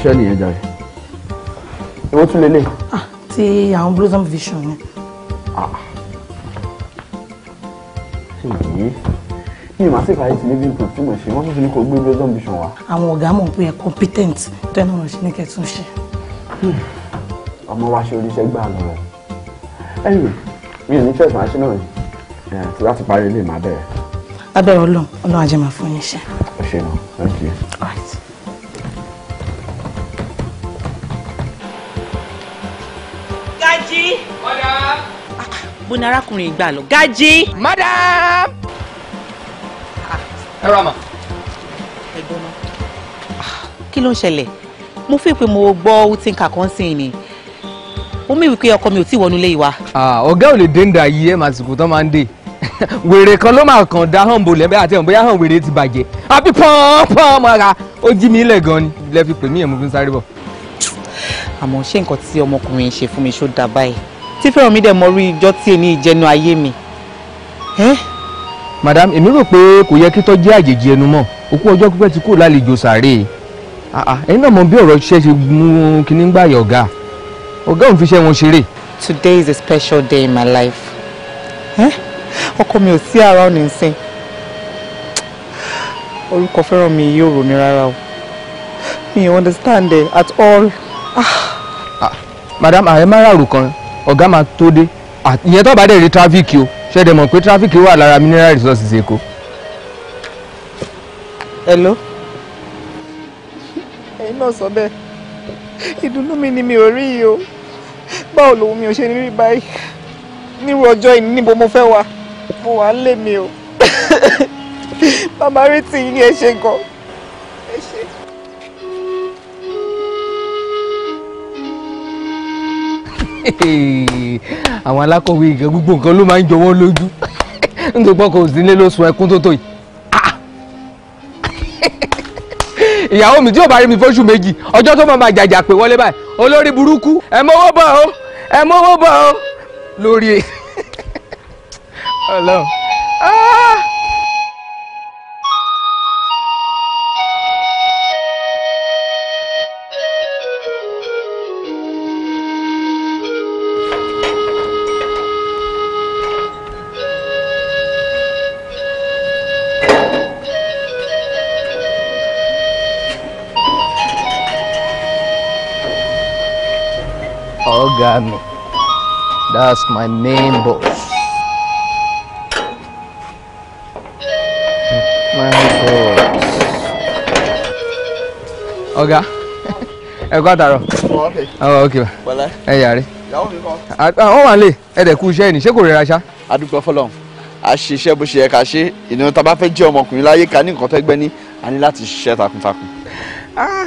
iṣẹ́ nìyẹn jàre ìwọ tún lélẹ̀. Ah, ti àwọn Blossom Vision ni. Ah. mi ò máa ṣe fàyè sí níbi ipò tí mo ṣe wọ́n tún ti ní kó gbé Blossom Vision wá. àwọn ọ̀gá mọ̀ pé ẹ̀ competent tẹ́nu ọ̀rọ̀ ṣe ní kẹ́tún ṣe. ọmọ wa ṣe oríṣẹ́ gbà lọ. ẹ̀yìn mi ò ní church máa ṣe náà ni eh, tí láti parí ilé màá bẹ̀rẹ̀. lábẹ́rẹ̀ ọlọ́run ọlọ́run ajẹ́ máa fún yín ṣe. ẹ náà thank you. arákùnrin ìgbà lọ gají. madam. Ah. ẹ rà mà. ẹ gbọ́n náà. Ah, kí ló ń ṣẹlẹ̀ mo fi pé mo gbọ́ outing kankan sí ni ó mú ìwípé ọkọ mi ò tí ì wọnú ilé wa. Ah, ọ̀gá ò lè dé ń da yìí ẹ̀ màá sìnkú tán máa ń dè wèrè kan ló máa kàn dá hàn bolẹ̀ àti hàn bóyá hàn wèrè ti bàjẹ́ àbí pọ́npọ́n mọ́ra ó jí mi ilẹ̀ gan ni lẹ́ fi pè mí ẹ̀ mú fi ń sáré bọ̀. àmọ́ ṣé nǹkan tí ọmọkùnrin ṣe fún mi ṣó dáa báyìí tí fẹ́ràn mi dẹ̀ mọ orí ìjọ tí èmi ìjẹnu ayé mi. madam èmi rò pé kò yẹ kí tọ́jú àjèjì ẹnu mọ́ òkú ọjọ́ pípẹ́ ti kúrò lálejò sàárè ẹ̀yin náà mọ bí ọ̀rọ̀ ṣe ṣe mú kinní gbà yọ̀ ọ̀gá ọ̀gá òun fi ṣe wọn ṣeré. today is a special day in my life ọkọ mi ò sí ara ọ̀nà ìsìn orúkọ fẹ́ràn mi yóò rò mí rárá o mi ò understand at all. Ah. madam àyẹ̀mọ́ ràrò kan ọ̀gá máa tó dé ìyẹn tó bá dẹ̀ rí tráfíkì o ṣẹ̀dẹ̀ mọ̀ pé tráfíkì wà lára mineral resources Èkó. hello ẹ̀yin náà sọ bẹ́ẹ̀ ìdùnnú mi ni mi ò rí yìí o báwo lòun mi ò ṣe rí báyìí nírú ọjọ́ yìí níbo mo fẹ́ wà mo wà lé mi o bàbá rí tì yín ẹ ṣe gan ẹ ṣe àwọn alákọ̀wé ìgbẹ́ gbogbo nǹkan ló máa ń jọ wọ́n lójú nítorí pé kò sí nílé ló sun ẹkún tó tó yìí ah! ìyàwó mi tí ò bá rí mi fóṣù méjì ọjọ́ tó máa jàjà pé wọlé báyìí olórí burúkú ẹ mọ́wọ́ bọ̀ ọ́ ẹ mọ́wọ́ bọ̀ ọ́ lórí ẹ e. ọlọ́run. Ah! Admin. That's my main boss. My boss. Ọ̀gá, ẹ kọ́ àtàrọ̀. Ọ̀ ok. Ẹ yàrá. Ó wà lè ẹ̀dẹ̀ kú iṣẹ́ ìní, ṣé kò rẹra ṣá? A dúpẹ́ fọlọ́run, a ṣe iṣẹ́ bó ṣe yẹ ká ṣe, ìnáwó tá a bá fẹ́ jẹ́ ọmọkùnrin láyé ká ní nǹkan tó gbẹ́ ní, a ní láti ṣiṣẹ́ takuntakun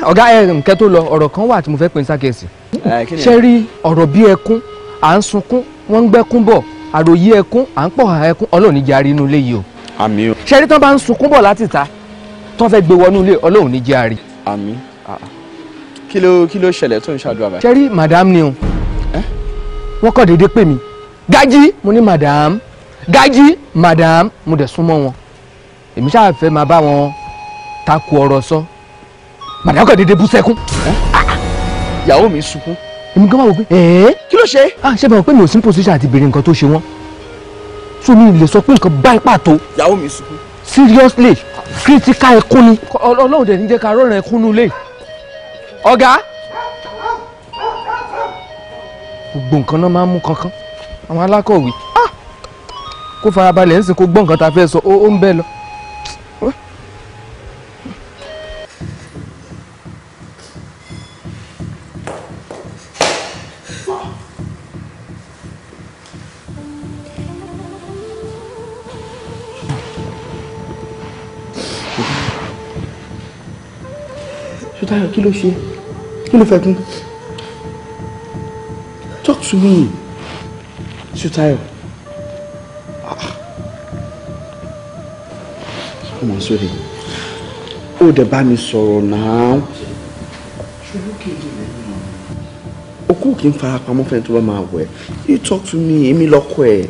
ọ̀gá ẹ nǹkan tó lọ ọ̀rọ̀ kan wà tí mo fẹ́ pè ní sákèsì ṣe rí ọ̀rọ̀ bí ẹkún à ń sunkún wọ́n ń gbẹ́kún bọ̀ àròyé ẹkún à ń pọ̀ ẹkún ọlọ́run níjà rí inú ilé yìí o àmín o ṣe rí tán bá ń sunkún bọ̀ láti ta tán fẹ́ gbé wọnú ilé ọlọ́run níjà rí. àmín kí ló kí ló ṣẹlẹ̀ tó ń ṣàdúrà báyìí. ṣe rí madam ni o wọ́n kọ́ déédéé pè mí gají mo ní madam gají madam mo dẹ̀ súnmọ́ wọn èmi ṣáà fẹ́ máa bá wọn takò ọ̀rọ̀ sọ madam kan dédé bú sẹ́kún. ìyàwó mi sunkún. èmi gan máa wò pé ẹ̀ẹ́. kí ló ṣe. à ah, ṣé báwo pé mi ò sí position àti béèrè nǹkan tó ṣe wọ́n. so mi lè sọ pé nǹkan báyìí pàtó. ìyàwó mi sunkún. seriously critical ẹkún ni. ọlọ́run dẹ̀ ní jẹ́ ká rọrùn ẹkún nulẹ̀. ọ̀gá. gbogbo nǹkan náà máa ń mú kankan àwọn alákọ̀wé. Ah! kó farabalẹ̀ ń sìn kó gbọ́ nǹkan tá a fẹ́ sọ ó ń bẹ́ lọ. Táyọ̀ kí ló ṣe kí ló fẹ́ kún talk to me Ṣùtáyọ̀ ọmọ sórí ó dẹ̀ bá mi sọ̀rọ̀ náà okú kì í fara pamọ́ fẹ́ni tó bá máa wẹ̀ you talk to me èmi lọ́kọ ẹ̀.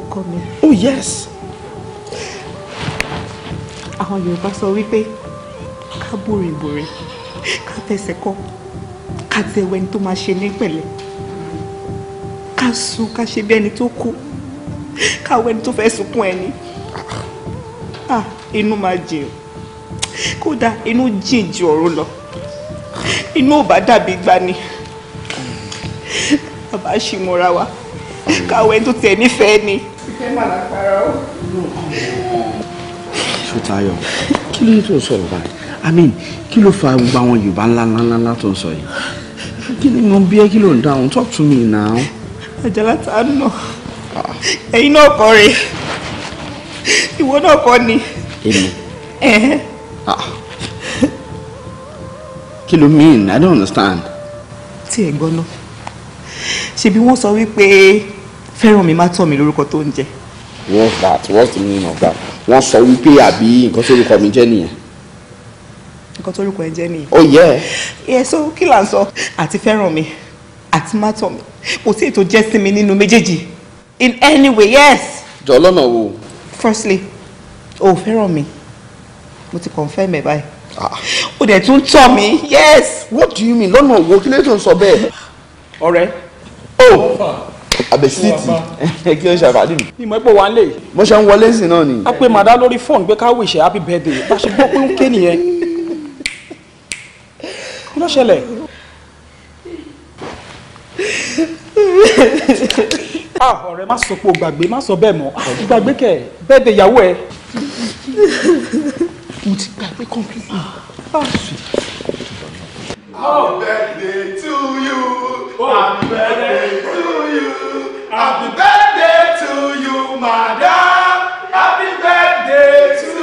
ọkọ mi. oh yes àwọn Yorùbá sọ wípé ká bòrè bòrè ká tẹsẹ̀ kọ́ ká tẹwẹ́ ẹni tó máa ṣe ní pẹ̀lẹ́ ká sun ká ṣe bí ẹni tó kú ká wọ ẹni tó fẹ́ sunkún ẹni ah, inú máa jìn kódà inú jìn ju ọ̀run lọ inú ò bá dàbí gbani bàbá ṣì mọ́ra wa ká tó tẹ̀ nífẹ̀ẹ́ ni. ìfẹ́ màlá para ó. Fútayọ̀ kí ló ní tó ń báyìí i mean kí ló fa gbogbo àwọn yorùbá ńlá ńlá ńlá ńlá tó ń sọ yìí kí ni mo bí ẹ kí ló ń dáhùn talk to me now. àjàlá tàánù náà ẹ̀yin náà kọ́ rèé ìwọ náà kọ́ ni. èmi ah. kí ló mean i don't understand. tí ẹ gbọ́ náà ṣebí wọ́n sọ wípé fẹ́ràn mi má tọ̀ mí lórúkọ tó ń jẹ́ what's that what's the meaning of that wọ́n sọ wípé àbí nǹkan tó orúkọ mi jẹ́ nìyẹn. nǹkan tó orúkọ ẹ jẹ́ nìyẹn. oh yeah. yẹ so kí là ń sọ àti fẹ́ràn mi àti má tọ̀ mi kò sí ètò jẹ́ sí mi nínú méjèèjì in any way yes. jọ lọ́nà wo. firstly o fẹ́ràn mi mo ti confirm ẹ̀ báyìí ah. o dẹ̀ tún tọ̀ mí yes. what do you mean lọ́nà wo kí lè ń sọ bẹ́ẹ̀. ọ̀rẹ́ o. Oh abẹ́sítì kí ló ń ṣàfàdí mi. ìmọ̀ ẹ̀pọ̀ wa ń lè. mo ṣe ń wọlé sí náà ni. a pe màdá lórí fóònù pé ká wíṣẹ́ happy birthday bá ṣe gbọ́ pé ń ké nìyẹn. kí ló ṣẹlẹ̀. ah ọ̀rẹ́ má sọ pé o gbàgbé má sọ bẹ́ẹ̀ mọ́ ah, gbàgbé kẹ̀ bẹ́ẹ̀ de ìyàwó ẹ. mo ti gbàgbé completely. Ah, Happy birthday to you. Oh, happy birthday to you. Happy birthday to you, madam. Happy birthday to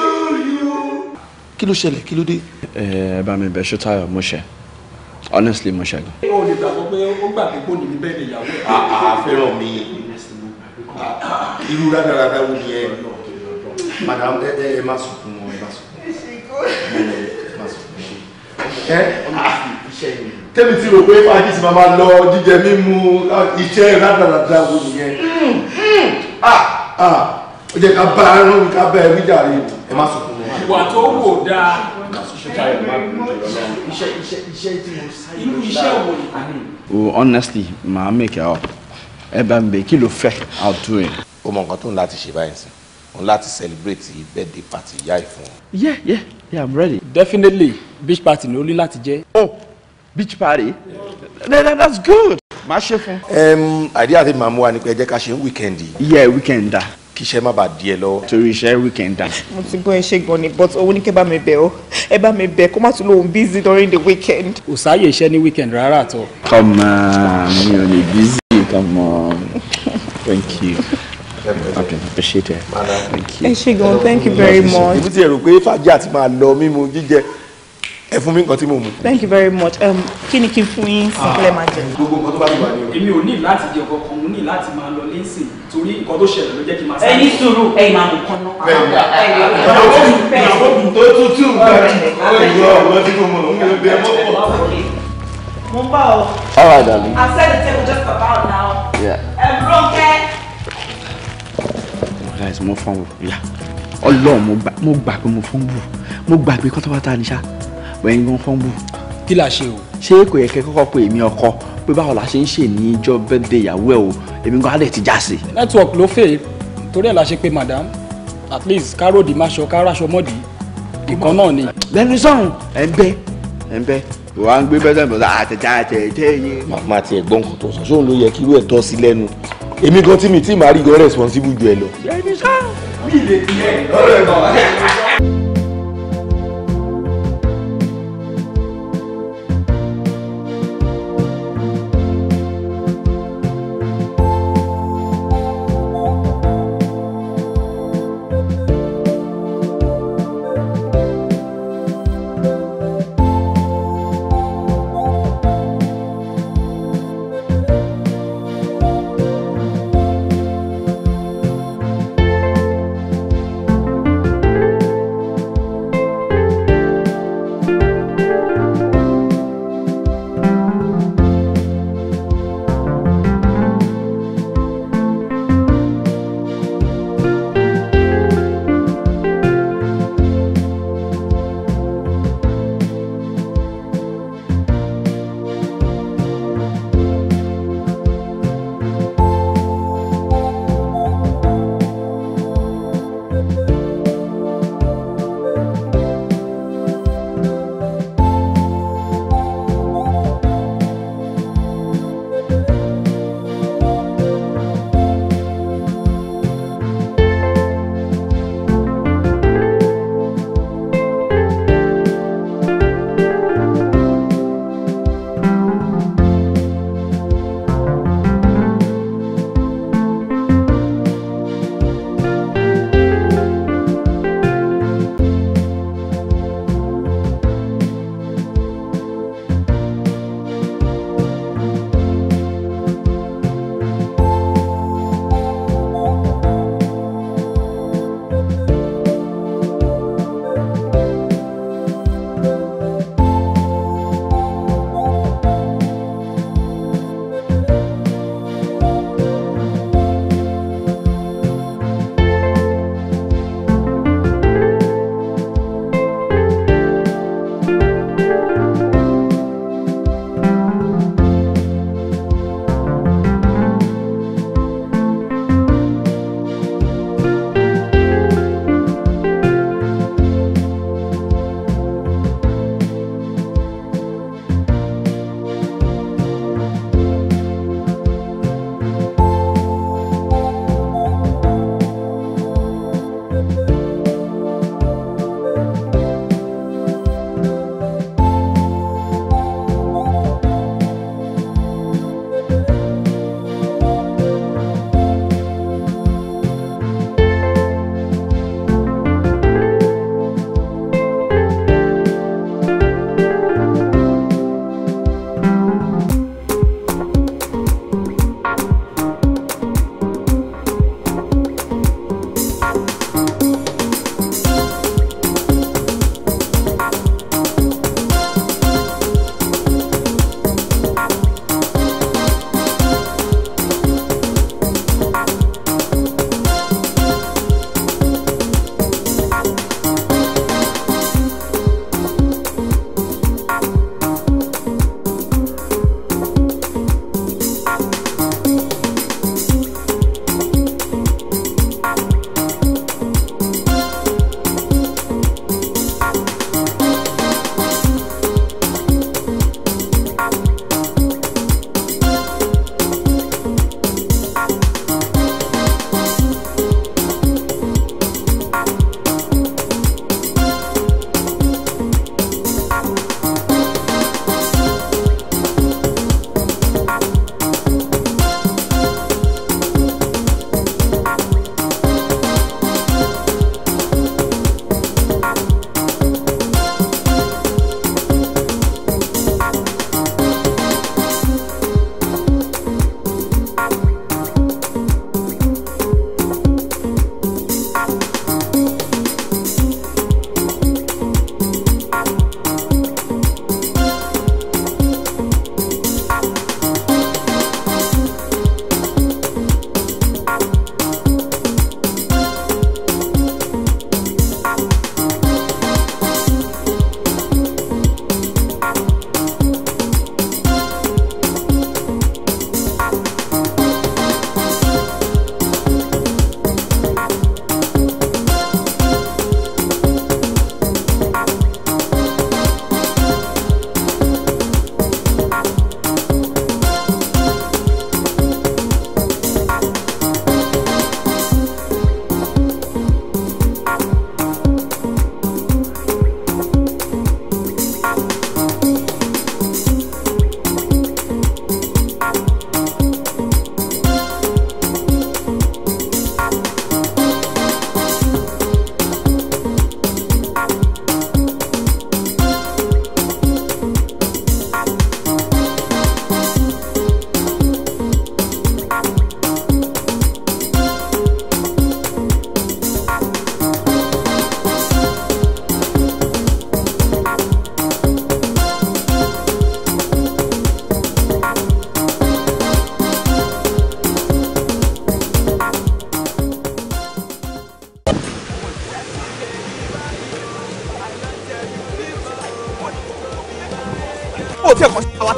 you. Kí ló ṣẹlẹ̀? Kí ló dé? Ẹ bá mi bẹ̀ ṣó Táyọ̀ mo ṣe. Honestly mo ṣe. O lè gbàgbọ́ pé ó gbà pé kò ní ní bẹ́ẹ̀ ni ìyàwó ẹ̀. Àà ah, ah, fẹ́ràn mi. Irú rádaràdà wo ni ẹ? Madam ẹ ẹ má sùn fún wọn ẹ má sùn fún wọn. Ẹ má sùn fún wọn. Ẹ tẹ́mi ti rò pé fàájì sì máa lọ jíjẹ mímu iṣẹ́ rádaràda wo nìyẹn hmm, hmm. ó jẹ́ ká bá ẹran ká bá ẹ wíjà rẹ ẹ má sọ fún mi. ìwà tó wò dáa oh, honestly màá make it up ẹ bá mi bẹ kí ló fẹ́ outdo ẹ. ó mọ nǹkan tó ń láti ṣe báyìí sí òun láti celebrate birthday party ìyá ẹ fún un. yeah yeah yeah i'm ready. definitely beach party ni ó ní láti jẹ. oh beach party then yeah. that's good máa ṣe fún. àìdí àti màmú wa ni pé ẹ jẹ́ ká ṣe ń weekend yìí. iye weekend da. kí iṣẹ́ má bàa di ẹ lọ́wọ́. torí iṣẹ́ weekend da. mo ti gbọ́ ẹ gan ni but owó ní kẹ́ bá mi bẹ̀ ọ́ ẹ bá mi bẹ̀ kó má tún lóun busy during the weekend. kò sáàyè iṣẹ́ ní weekend rárá àtọ. come on mi ò lè busy come on thank you. Okay, appreciate it. Thank you. Ẹ ṣe gan, thank you very much. Ìbútí ẹ̀rù pé fàájì àti máa lọ mímu jíjẹ ẹ fún mi nǹkan tí mo mú. thank you very much um, kí ni kí n fún yín sí ah, kílẹ̀ máa jẹ. gbogbo nǹkan tó bá ti wà ní o. èmi ò ní láti jẹ ọkọ kan mo ní láti máa lọ lẹ́sìn torí nǹkan tó ṣẹlẹ̀ ló jẹ́ kí n máa sáré. ẹyin sùúrù ẹyin máa mú kán náà. bẹ́ẹ̀ni ìyàwó mi ìyàwó mi tó tún tún bẹ́ẹ̀ ọwọ́ ìwọ ọwọ́ tí mo mọ òun ló bẹ mọ pọ. mo ń bá o. all right darling. i set the table just about now. Um, Ronke. guys mo fọ́n wò ọlọ́run mo gbà pé mo fọ́n wò mo gbàgbé kọ́tọ́pátá ni ṣá ẹ̀yin gan fọ́nbù. kí la ṣe o. ṣé kò yẹ kẹ́ kọ́kọ́ pé èmi ọkọ pé báwo la ṣe ń ṣe ní ìjọ bẹ́ẹ̀dẹ̀ ìyàwó ẹ̀ o èmi gan alẹ́ ti já sí. network ló fẹ́ torí ẹ̀ la ṣe pé madam at least káròdì má ṣọ káráṣọ mọ́dì ìkan náà ni. lẹ́nu sọ̀rùn ẹ̀ ń bẹ́ ẹ̀ ń bẹ́ wà á ń gbé bẹ́sẹ̀ bọ̀ àtẹ̀tẹ̀ ah, àtẹ̀tẹ̀ yé. màmá tiẹ̀ gbọ́n kò tó sọ ṣóun ló yẹ kí irú ẹ̀ tọ́ sí lẹ́nu èmi gan tí mi tí màá rí gan responsible ju ẹ lọ. lẹ́nu sọ̀rùn mi lè tiẹ̀ lọ́rọ̀ ẹ̀ bọ̀ wá.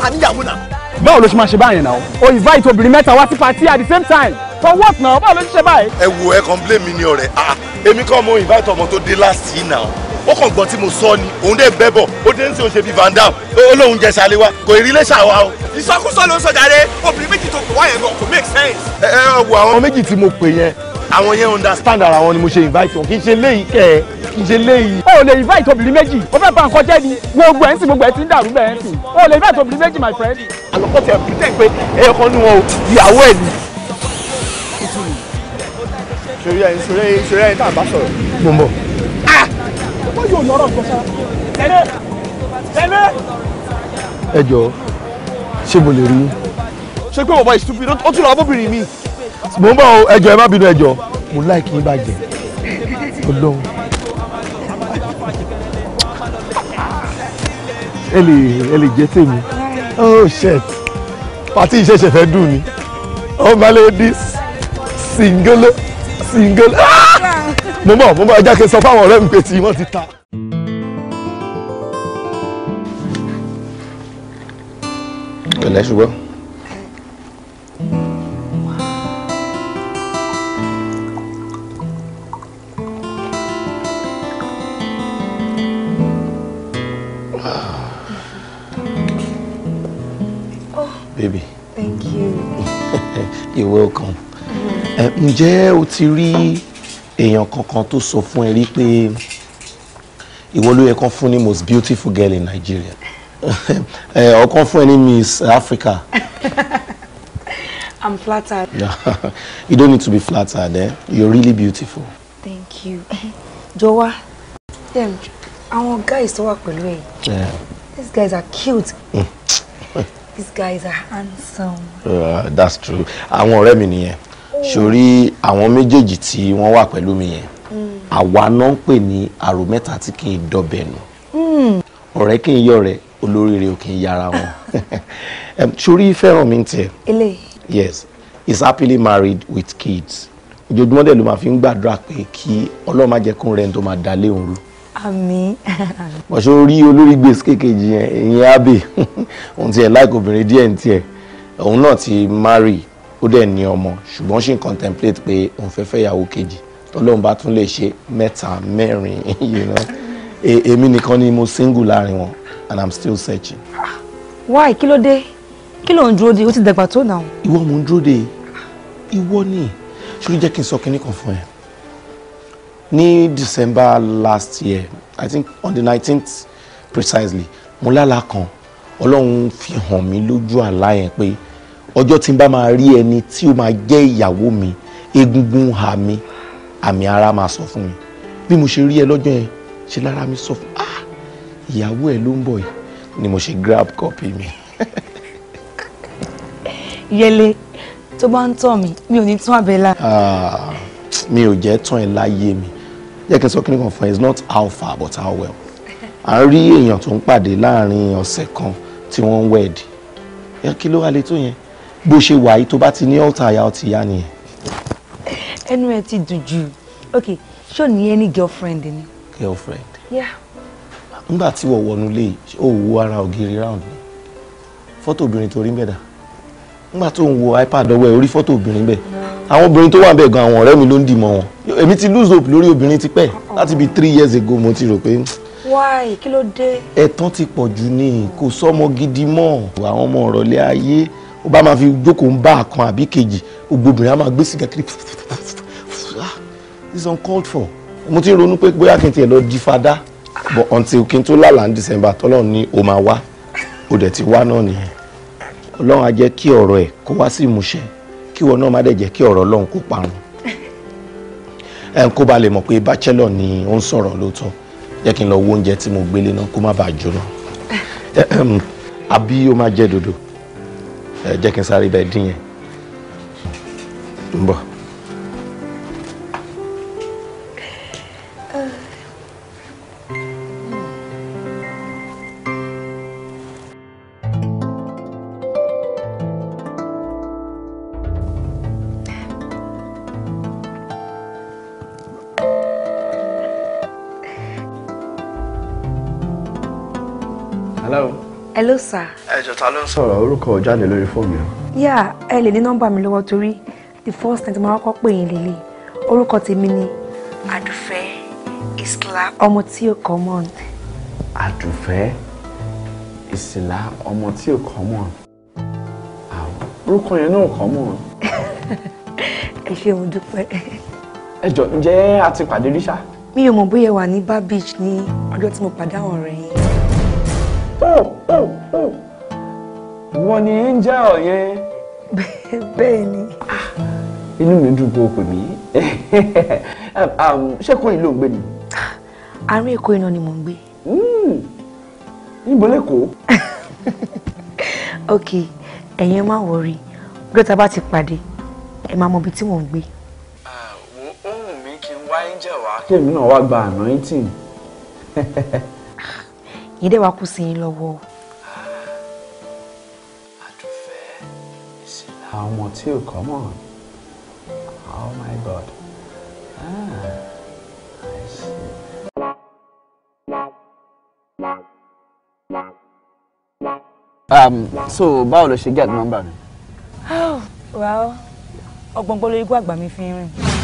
ta náà. báwo ló ṣe máa ṣe báyìí náà o invite obìnrin mẹ́ta wá sí party at the same time for what now báwo ló ṣe ṣe báyìí. ẹ wo ẹ kàn blame mi ní ọ̀rẹ́ ah èmi kọ́ mo invite ọmọ tó dé last yìí náà ó kàn gbọ́n tí mo sọ ni òun dẹ̀ bẹ́ bọ̀ ó dé ń ṣe òṣè bíi van dam olóhùn jẹ sálé wa kò rí léṣà o. ìsọkúsọ ló ń sọ jáde obìnrin méjì tó kù wá yẹn gan kò make sense. ẹ ẹ wo àwọn méjì tí mo pè yẹn àwọn yẹn understand ara wọn ni mo ṣe invite wọn kì í ṣe léyìí kẹ ẹ ìṣe léyìí. o lè invite tòbìrín méjì o fẹ́ bá nǹkan jẹ́ ni gbogbo ẹ̀ ń sìn gbogbo ẹ̀ ti ń dàrú bẹ́ẹ̀ ń sìn o lè invite tòbìrín méjì my friend. àlọ́kọ́ tẹ̀ kí tẹ̀ pé ẹyọ kan ní wọn o ìyàwó ẹ̀ ni. ìṣòro ẹ̀ ìṣòro ẹ̀ ìṣòro ẹ̀ tá a bá sọ̀rọ̀. mo ń bọ̀. Ah! ọmọ yóò lọ́rọ̀ gbọ́sá. tẹ̀lé tẹ̀lé. ẹ jọ ṣé mo lè rí pé bàbá ìṣùpìrì ó tún lọ abóbìnrin mi. mo ń bọ̀ ẹjọ́ ẹ má bínú ẹjọ́ mo láìkí yín bàjẹ́ ọlọ́run ẹ lè jẹ tèmi. oh shit pàtí ìṣẹ̀ṣẹ̀ fẹ́ dùn ni ọba lady singolo singolo ah! mo mọ̀ mo mọ̀ ẹ jẹ́ kí n sọ fáwọn ọ̀rẹ́ mi pé tí wọ́n ti ta. pẹ̀lẹ́ ṣùgbọ́n. ǹjẹ́ o ti rí èèyàn kankan tó sọ fún ẹ rí pé ìwọ ló yẹ kán fún ní most beautiful girl in Nigeria eh, ọkàn fún ẹ ní Miss Africa. I'm flattered. you don't need to be flattered. Eh? You're really beautiful. Thank you. Jowa, them, àwọn guys tó wà pẹ̀lú ẹ. These guys are cute. Mm. These guys are handsome. Uh, that's true. Àwọn ọ̀rẹ́ mi nìyẹn sórí àwọn méjèèjì tí wọ́n wà pẹ̀lú mi yẹn àwa náà ń pè ní àrò mẹ́ta tí kì í dọ̀bẹ̀ nù ọ̀rẹ́ kì í yọ̀rẹ́ olóríire ò kì í yára wọn sórí fẹ́ràn mi ń yes is happily married with kids ojoojúmọ́ dẹ̀ ló máa fi ń gbàdúrà pé kí ọlọ́run má jẹ́ kó rẹ̀ ń tó máa dalé òun rú àmín. bọ̀ṣọ́ orí olórí gbèsè kékejì yẹn ìyẹn abe òun tiẹ̀ láìkò obìnrin díẹ̀ ní tiẹ̀ òun náà ti marry ó dẹ̀ ní ọmọ ṣùgbọ́n ṣì ń contemplate pé òun fẹ́ fẹ́ ìyàwó kejì tọ́lọ́run bá tún lè ṣe mẹ́ta mẹ́rin you know e, èmi nìkan ni mo single láàrin wọn and i'm still searching. why kí ló dé kí ló ń dúró de o ti dàgbà tó náà. ìwọ mo ń dúró de ìwọ ni ṣùgbọ́n jẹ́ kí n sọ kinní kan fún ẹ ní december last year i think on the nineteenth precisely mo lálàá kan ọlọ́run fi hàn mí lójú àlá yẹn pé ọjọ́ tí n bá máa rí ẹni tí ó máa jẹ́ ìyàwó mi egungun ha mi àmì ara máa sọ fún mi bí mo ṣe rí ẹ lọ́jọ́ yẹn ṣe lára mi sọ fún ah ìyàwó ẹ ló ń bọ̀ yìí ni mo ṣe grab copy mi. yẹlé tó bá ń tọ̀ mí mi ò ní tún àbẹ́là. Ah, mi ò jẹ́ tán ẹ láyé mi jẹ́ kí sọ kí ni kan fún ẹ it's not how far but how well à ń rí èèyàn tó ń pàdé láàrin ọ̀sẹ̀ kan tí wọ́n ń wẹ̀dì ẹ kí ló wà lè tó yẹn bó ṣe wà yìí tó bá ti ní ọ̀tá àyà ọtí ìyá nìyẹn. ẹnu ẹ ti dùn jù ok ṣó ní any girlfriend ni. girlfriend. yeah. nígbà tí wọ́n wọnú lé ò wo ara ògiri round ni fọ́tò obìnrin tó rí mẹ́ta nígbà tó ń wo ipad ọwọ́ ẹ̀ orí fọ́tò obìnrin bẹ́ẹ̀ àwọn obìnrin tó wà bẹ́ẹ̀ gan àwọn ọ̀rẹ́ mi ló ń dìmọ̀ wọn èmi ti lose hope lórí obìnrin ti pẹ́ láti bíi three years ago mo ti rò pé hmm. why kí ló dé. ẹ̀tàn ti pọ̀ jù ni kò sọ́mọ gidi mọ́ àwọn ọmọ ọ̀rọ̀lẹ́ ayé ó bá máa fi jókòó ń bá àkan àbí kejì gbogbo obìnrin á máa gbé sìgá kiri ah, this is uncalled for mo ti ronú pé bóyá kí n tiẹ̀ lọ di fada but until kí n tó lálàá ní december tọ́lọ́run ni o máa wá o dẹ̀ ti wá náà nìyẹn ọlọ́run á jẹ́ kí ọ̀rọ̀ ẹ̀ kó wá sí ìmúṣẹ kí wọn náà má dẹ̀ jẹ́ kí ọ̀rọ̀ ọlọ́run kó parun ẹn kó ba lè mọ̀ pé bachelor ni ó ń sọ̀rọ̀ lóòótọ́ jẹ́ kí n lọ wo oúnjẹ tí mo gbélé náà kó má bàa jóná àbí ó máa jẹ́ dodo ẹ jẹ́ kí n sáré bẹ́ẹ̀ dín yẹn hello sir. ẹ jọ ta ló ń sọ̀rọ̀ orúkọ jáde lórí fóònù yẹn. yà ẹ lè ní nọ́mbà mi lọ́wọ́ torí the first time tí mo kọ́kọ́ pè yín lélẹ̀ orúkọ tèmi ni Adùfẹ́ Isla ọmọ tí ò kọ́ mọ́. Adùfẹ́ Isla ọmọ tí ò kọ́ mọ́ orúkọ yẹn náà kọ́ mọ́. ẹ ṣe mo dúpẹ́. ẹ jọ ǹjẹ́ a ti pàdé rí ṣá. mi ò mọ̀ bóyá wà ní bar beach ní ọjọ́ tí mo pàdé àwọn ọ̀rẹ́ yẹn wọ́n ní angel yẹn. bẹ́ẹ̀ ni. inú mi dùn tó o pè mí um, ṣé kò yìí ló ń gbé ni. àárín èkó iná ni mò ń gbé. Hmm. níbo lẹ́kọ̀ọ́. ok ẹ̀yin máa wọrí ọjọ́ tá a bá ti pàdé ẹ máa mọ ibi tí mò ń gbé. ohun mi kì í wá angel wá. kí èmi náà wá gba anointing. yìí dẹ̀ wá sí yín lọ́wọ́ o. tí ò kọ́ mọ̀ oh my god. Ah, um, so báwo ló ṣe get number mi. oh well ọgbọ́ngbọ́n lórí igbó àgbà mi fi ń rìn.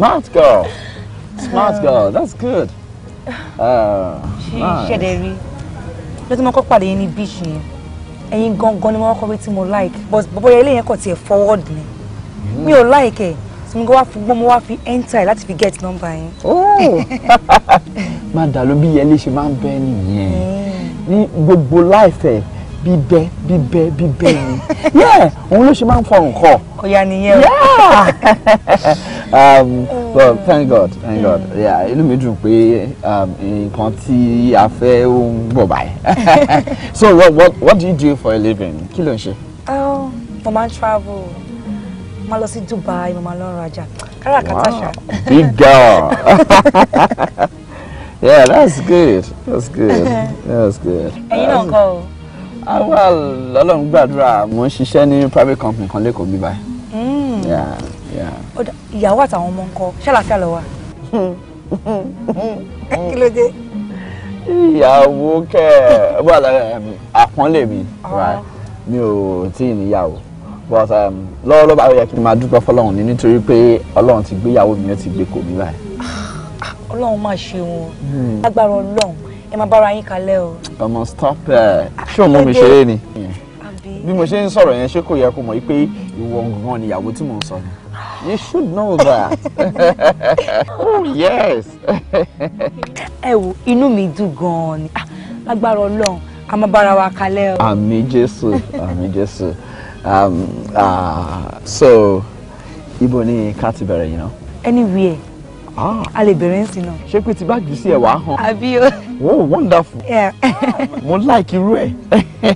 smart girl smart girl that's good. Ah, ṣe ṣẹ̀dẹ̀ rí ló ti mọ kọ́ pàdé yẹn ní beach yẹn ẹ̀yin gangan ni wọ́n kọ́ like but bọ́bọ́ yẹn eléyẹn kàn forward me. Mm. mi like it. So mo go fún gbọ́n mo wá enter ẹ̀ láti fi get number yẹn. Oh. máa dà ló bí yẹn lè ṣe máa ń bẹ́ẹ̀ nìyẹn mm. ní life Eh bíbẹ́ bíbẹ́ bíbẹ́ ni yẹ òun ló ṣe máa ń fọ nǹkan. ó yá nìyẹn o. Um, oh. Well, thank God thank God mm. inú mi dùn pé um, nǹkan tí a fẹ́ ó ń bọ̀ báyìí so what, what, what do you do for a living kí ló ń ṣe. Um, mo máa ń travel mo máa lọ sí Dubai mo máa lọ rajà káràkátà ṣá. big girl yeah that's good that's good that's good. ẹ̀yin náà kọ́ o àwa lọ́lọ́run gbàdúrà mo ń ṣiṣẹ́ ní private company kan lẹ́kọ̀ọ́ bí báyìí. Hmm. ìyàwó àtàwọn ọmọ ń kọ ṣàlàfíà lọ wa. kí ló dé. ìyàwó kẹ bó um, àpọ́nlé mi ah. mi ò tí ì níyàwó but um, lọ́wọ́ lọ́ba ó yẹ kí n máa dúpẹ́ fọlọ́run ní nítorí pé ọlọ́run ti gbéyàwó mi ó ti gbé kò mí báyìí. Ah, ọlọ́run máa ṣe wọn agbára hmm. ọlọ́run ẹ máa bára yín kalẹ̀ o. ọmọ stop ẹ ṣé òun mú mi ṣeré ni bí mo ṣe ń sọ̀rọ̀ yẹn ṣé kò yẹ kó mọ̀ pé ìwọ gan ni ìyàwó tí mò ń sọ ni you should know that oh yes. ẹ wo inú mi dùn gan-an ni ah, lágbára ọlọ́run a máa bára wa kalẹ̀ o. àmín jésù àmín jésù um, ah, so ibo ni ká ti bẹ̀rẹ̀ yìí ná. anywhere. Ah. a lè bẹ̀rẹ̀ nsìn náà. ṣé pé ti báàgì sí ẹ wàá hàn. àbí o. oh wonderful. mo like irú ẹ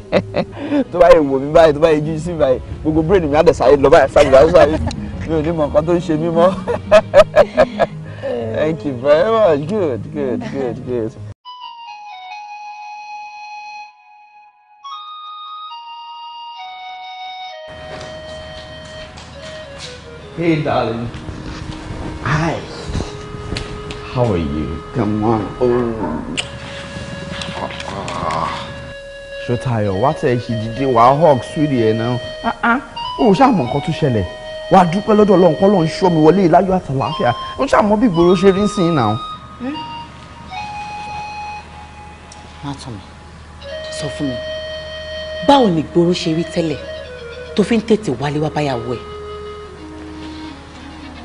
tó bá yẹ wò mí báyìí tó bá yẹ jú sí báyìí gbogbo brain mi á dẹ̀ sáyé lọ báyìí sáyé lọ sáyé mi ò ní mọ nǹkan tó ń ṣe mí mọ́. thank you very much good good good good. Hey, darling. Hi. How are you? Come on. Ah ah Oh, Ṣọtayọ̀ wá tẹ̀ ṣì dìde wàá hug sórí ẹ̀ náà. O ṣàmọ̀ nǹkan tó ṣẹlẹ̀. Wà á dúpẹ́ lọ́dọ̀ Ọlọ́run kọ́ lọ́n ṣọ́ mi wọlé láyọ̀ àtàlàáfíà. O ṣàmọ̀ bí ìgboro ṣe rí ń sìn náà. Hm? Mátọ̀mí, sọ fún mi, báwo ni ìgboro ṣe rí tẹ́lẹ̀ tó fi ń tètè wálé wá báyàwó ẹ̀?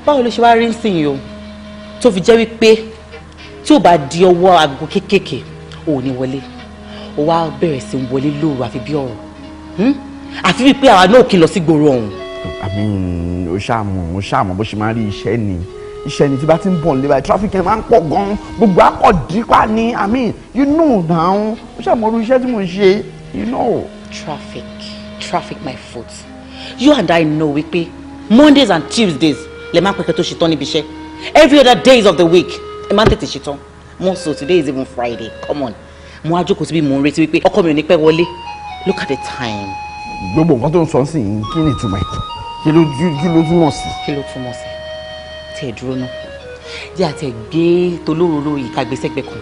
Báwo ló ṣe wá rí ń sìn yìí o? tó fi jẹ́ wípé tí ò bá di ọwọ́ aago kéékèèké ò ní wọlé ó wá bẹ̀rẹ̀ sí wọlé lóru àfi bí ọ̀rọ̀ hmm? àfi wípé àwa náà kì í lọ sí gbòòrò ọ̀hún. àmì ò ṣàmù ò ṣàmù bó ṣe máa rí iṣẹ́ ni iṣẹ́ ni tí bá ti ń bọ̀ nílé báyìí traffic yẹn máa ń pọ̀ gan gbogbo akọ̀dípa ni I mean you know now ó ṣàmọ̀rú iṣẹ́ tí mò ń ṣe you know. traffic traffic my foot you and I know wípé Mondays and Tuesdays lè má pẹ́kẹ́ tó ṣetán níbi iṣẹ́ every other days of the week ẹ máa ń tètè ṣetán more so today is even Friday come on mo á jókòó síbi mo ń retí wípé ọkọ mi ò ní pẹ́ wọlé look at the time. gbogbo nǹkan tó ń sọ sí yìí kí ni ìtumọ̀ ẹ̀ kí ló kí ló túmọ̀ sí. kí ló túmọ̀ sí tí ẹ dúró náà jẹ́ àti ẹ̀ gbé tolóróró ìkàgbésẹ́gbẹ̀ kan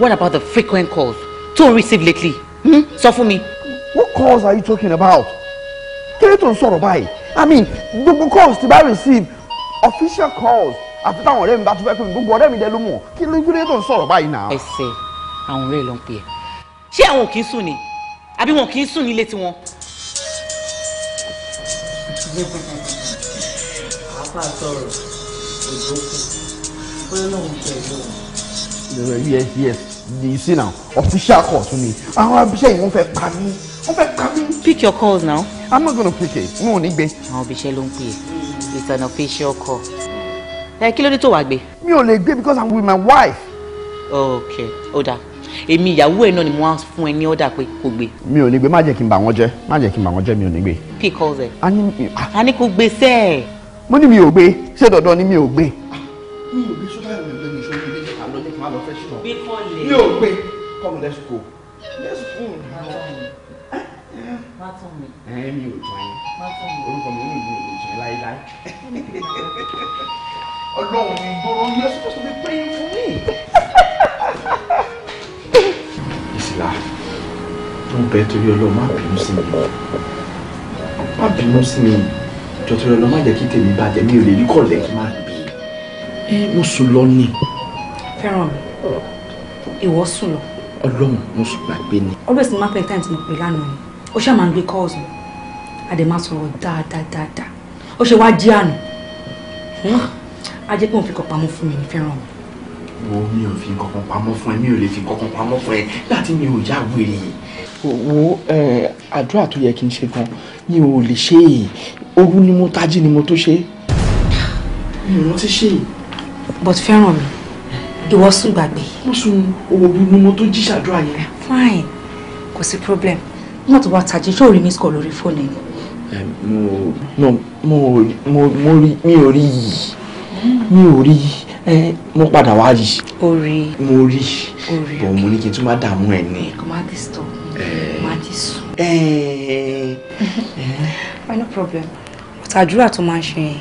what about the frequent calls tó ń receive lately hmm? sọ fún mi. what calls are you talking about? kí ló tó ń sọ̀rọ̀ báyìí i mean gbogbo calls ti bá receive official calls àti táwọn ọ̀rẹ́ mi bá tún fẹ́ pè mí gbogbo ọ̀rẹ́ mi dẹ ló mọ̀ kí ló gbé tó ń sọ̀rọ̀ báyìí náà. ẹsẹ àwọn ọ̀rẹ́ ló ń pè é ṣé àwọn ò kì í sùn ni àbí wọn kì í sùn nílé tiwọn. àpá sọ̀rọ̀ ìdókòwò bóyá náà ń tẹ̀ lóhùn. yes yes you see now official court ni àwọn abiṣẹ́ yìí wọ́n fẹ́ pa mí wọ́n fẹ́ pa mí. pick your calls now. i'm not gonna pick it n ò ní gbé. àwọn òbíṣẹ́ ló ń pè é it's an official call ẹ kí ló dé tó wàá gbé. mi ò lè gbé because i'm with my wife. ok ó dáa èmi ìyàwó ẹ náà ni mo wá fún ẹ ní ọ̀dà pé kò gbé. mi ò ní gbé má jẹ́ kí n bà wọ́n jẹ́ má jẹ́ kí n bà wọ́n jẹ́ mi ò ní gbé. pickles ẹ. a ní mi a. a ní kò gbé sẹ́ẹ̀. mo ní mi ò gbé ṣé dandan ni mi ò gbé. mi ò gbé sọ́dọ̀ ẹ̀rọ ìgbẹ́ mi ṣọ́ ní ilé ìta lọ́jọ́ kí n má lọ fẹ́ ṣùgbọ́n. gbé kọ́ lè. mi ò gbé come let's go. let's go. má tún mi. ẹ eh, mi ò jọ ẹ. má tún mi. orúkọ mi ò ní ìlú ìjọ láéláé. Alone, mi gbóró you supposed to be praying for me. Ìsìlá tó ń bẹ torí Ọlọ́run má bínú sí mi má bínú sí mi jọ torí Ọlọ́run you jẹ́ kí tèmi bàjẹ́ mi ò lè rí kọ̀lẹ́ kí má bí ẹ mo sùn lọ ni. fẹ́ràn mi ìwọ sùn lọ. always the máa pẹ́ time tí mo pè lánàá ni ó ṣáà máa Da da da mi àdèmá sọ̀rọ̀ dáadáa a jẹ́ pé òun fi kọ́ pamọ́ fún mi ní fẹ́ràn mi. wo mi ò fi kankan pamọ́ fún ẹ mi ò lè fi kankan pamọ́ fún ẹ láti mi ò já wèrè. wo àdúrà tó yẹ kí n ṣe gan mi ò lè ṣe é òru ni mo tají ni mo tó ṣe é. mi ò rántí ṣe é. but fẹ́ràn mi ìwọ sùn gbàgbé. mo sùn òru ni mo tó jí ṣàdúrà yẹn. Eh, fine kò sí problem nígbà tó wá tají ṣé o rí miss call lórí fóònù ẹ. mo mo mo mo mi ò rí yìí mi ò rí mo padà wá rí orí mo rí bọ̀ mo ní kí n tún má dààmú ẹ̀ ní. kò má ti stop má ti sùn. why no problem ọ̀tá àdúrà tó máa ń ṣe yẹn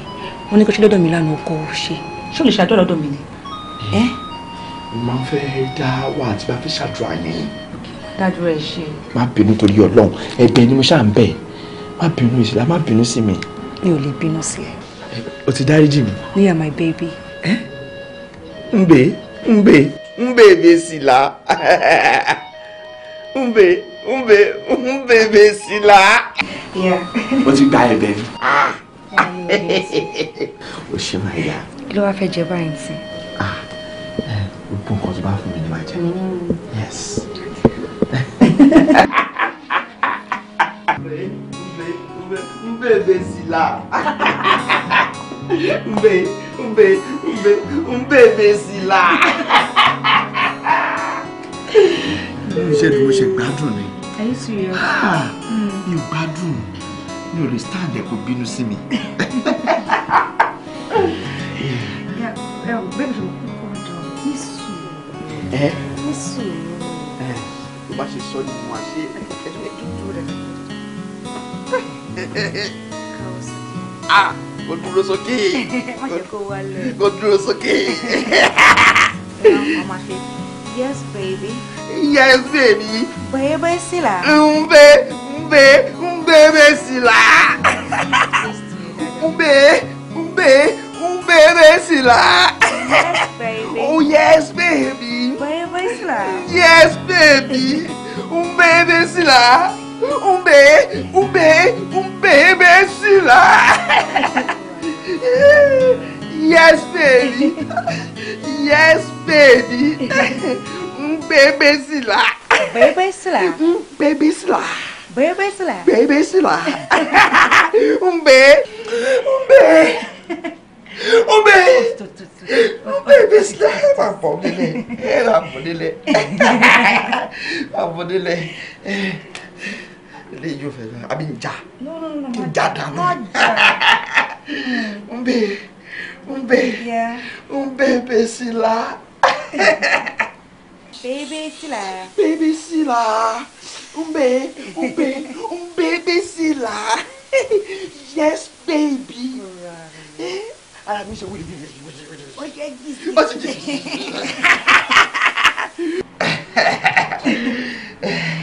wọ́n ní kó ṣe lọ́dọ̀ mi lánàá ọkọ̀ ò ṣe ṣé o lè ṣàdúrà lọ́dọ̀ mi ni. mo máa ń fẹ́ dá wà tí bá fẹ́ ṣàdúrà yẹn. dájú ẹ ṣe. má bínú torí Ọlọ́run ẹ̀bẹ̀ ni mo ṣáà ń bẹ̀ má bínú ìṣẹ̀lá má bínú sí mi. mi ò lè bínú sí ẹ o ti dáríjì mi. you are my baby. nbè nbè nbè bèsì la nbè nbè nbè bèsì la. o ti gba ẹ̀bẹ̀ mi. o ṣe máa yá. kí ló wáá fẹ́ jẹ báyìí sí. Ah, gbogbo nǹkan tó bá fún mi ni màá jẹ. Mm. yes. nbè nbè nbè bèsì la um be um be um be um ṣe gbádùn ni. Are you serious? Hmm. mi ò gbádùn mi ò lè stand ẹ̀ kó bínú sí mi. bẹ́ẹ̀ ló kú kọ́ńdọ̀ ní sùúrù. ní sùúrù. tó bá ṣe sọ ni mo àṣe ẹ̀ẹ́dẹ́gbẹ̀ẹ́ dúdú kó dúró sókè kó dúró sókè. yes baby. yes baby. bèbè sí la. ń bè ń bè ń bèbè sí la. ń bè ń bè ń bèbè sí la. yes baby. oh yes baby. bèbè sí la. yes baby. ń bèbè sí la. um B, um B, um B, lá. Yes, baby. Yes, baby. Um bebê lá. Bebê lá. Um bebê lá. Bebê lá. Bebê lá. Um B, um B. Um bebê! Um bebê, isso é uma bonilha. É uma bonilha. É uma bonilha. ilé ìjọ fẹ́ gan àbí ń jà kí ń jà dànù ń bẹ ń bẹ ń bẹ Bísílà. Bísílà. Bísílà ń bẹ ń bẹ ń bẹ yes baby eh? ara mi ṣe wíìlì wíìlì wíìlì wíìlì. ó jẹ́ gíìsì. ó ti gíìsì.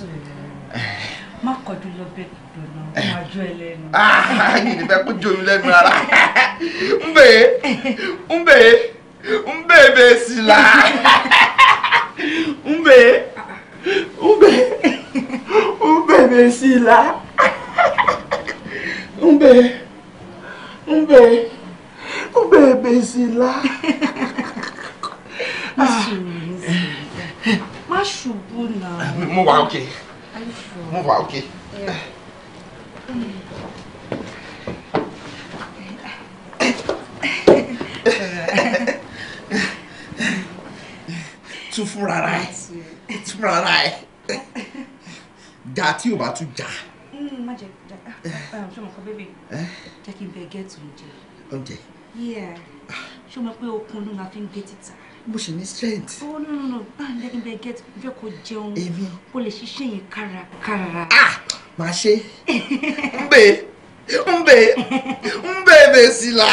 má kọjú lọ bẹ́ẹ̀ dùnú wájú ẹ lẹ́nu. yìí ah, ni fẹ́ kó jomi lẹ́nu rárá ń bèé ń bèé ń bèé bèé sí la ń bèé ń bèé ń bèé bèé sí la ń bèé ń bèé sí la. má ṣubú náà. mo wà okay mo wà okay. tún fúnra ra ẹ tún fúnra ra ẹ jà tí o bá tún jà. Mm, má jẹ ṣọmọ kan bébè jẹ kí n bẹ gẹẹtì oúnjẹ. oúnjẹ. ṣọmọ pé okun ló máa fi ń gé títà bó ṣe ní strength. oh no no no báyìí lẹ́yìn bẹ́ẹ̀ get fẹ́ kó jẹun èmi kó lè ṣiṣẹ́ yẹn kárakára. ah màá ṣe ń bè ń bè ń bè bè sí la.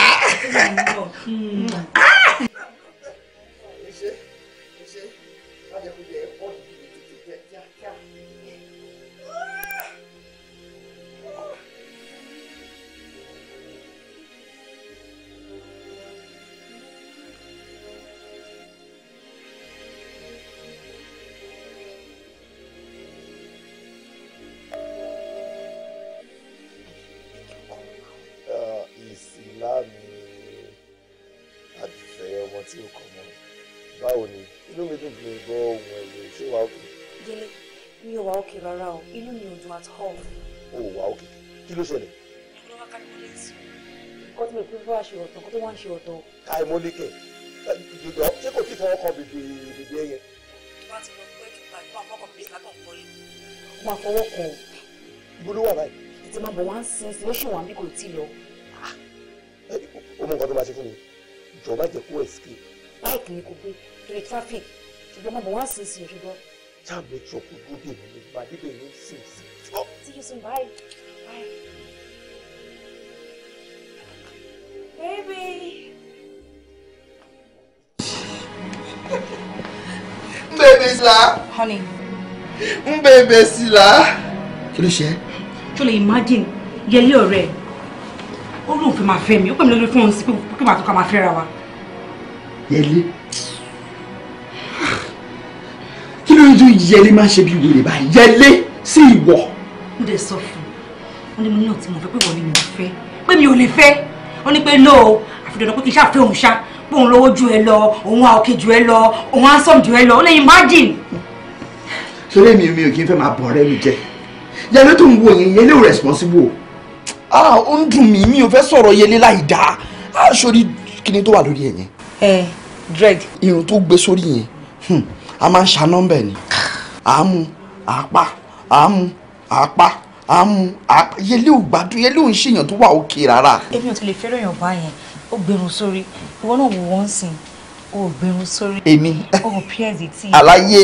okay rárá o inú mi ò dùn at all. o oh, wà okay kí ló ṣẹlẹ̀. ìlú wa ká ìmọ̀lẹ̀ sí i. nǹkan tí mo fi bá ṣe ọ̀tọ̀ kó tó wá ń ṣe ọ̀tọ̀. ká ìmọ̀lẹ̀ kẹ̀ ìdìbò ṣé kò tí ì fọwọ́ kan bèbè bèbè ẹyẹ. ìwà ti lọ pẹ́ jù báyìí fún àfọwọ́ kan bèbè látọ̀ ń kọ́lé. ó máa fọwọ́ kan o. ibùdó wà báyìí. ètò máa bọ̀ wá ń sin sin lóṣù wa bí kò tí ì lọ. ó ah! mú nǹkan tó máa ṣe fún mi jọ̀ọ́ má jẹ́ kó escape. báyìí kì ṣáà mi tí ọkọ dúró dè mí nípa dídè mí see you soon bye bye. baby. Mbebe sila. Honey. Mbebe sila. Kí ló ṣe? Kí ló imagine You're ọ̀rẹ́ ó lóun fẹ́ máa my family. ó pè mí lórí fóònù sí pé kí màá tó ká máa fẹ́ra wa. Yẹlé. lójú yẹlé máa ń ṣe bí wèrè bá yẹlé sí ìwọ. mo dẹ̀ sọ fún un ó ní mo náà tí mo fẹ́ pé wọ́n ní mi ò fẹ́ pé mi ò lè fẹ́ ó ní pé lóò àfi dandan pé kí n ṣàfẹ́ òun ṣá pé òun lówó ju ẹ lọ òun àòkè ju ẹ lọ òun handsome ju ẹ lọ ó lè imagine. sọlá mi mi ò kí n fẹ́ máa bọ̀ ọ̀rẹ́ mi jẹ yẹlé tó ń wo yẹn yẹlé ò responsible. a ó ń dùn mí mi ò fẹ́ sọ̀rọ̀ yẹlé láì dáa a sori kíni tó wà lórí ẹ̀ yẹn. ẹ eh, dread. irun tó gbé sórí yẹn hmm, a máa ń ṣa nọ́mbẹ̀ ni àámu àápá àámu àápá àámu àápá yẹlé ò gbádùn yẹlé ò ń ṣèyàn tó wà òkè rárá. èmi ò ti lè fẹ́ràn èèyàn báyẹn ó gbẹrun sórí ìwọ náà wò wọ́n sìn obìnrin sórí. èmi aláyé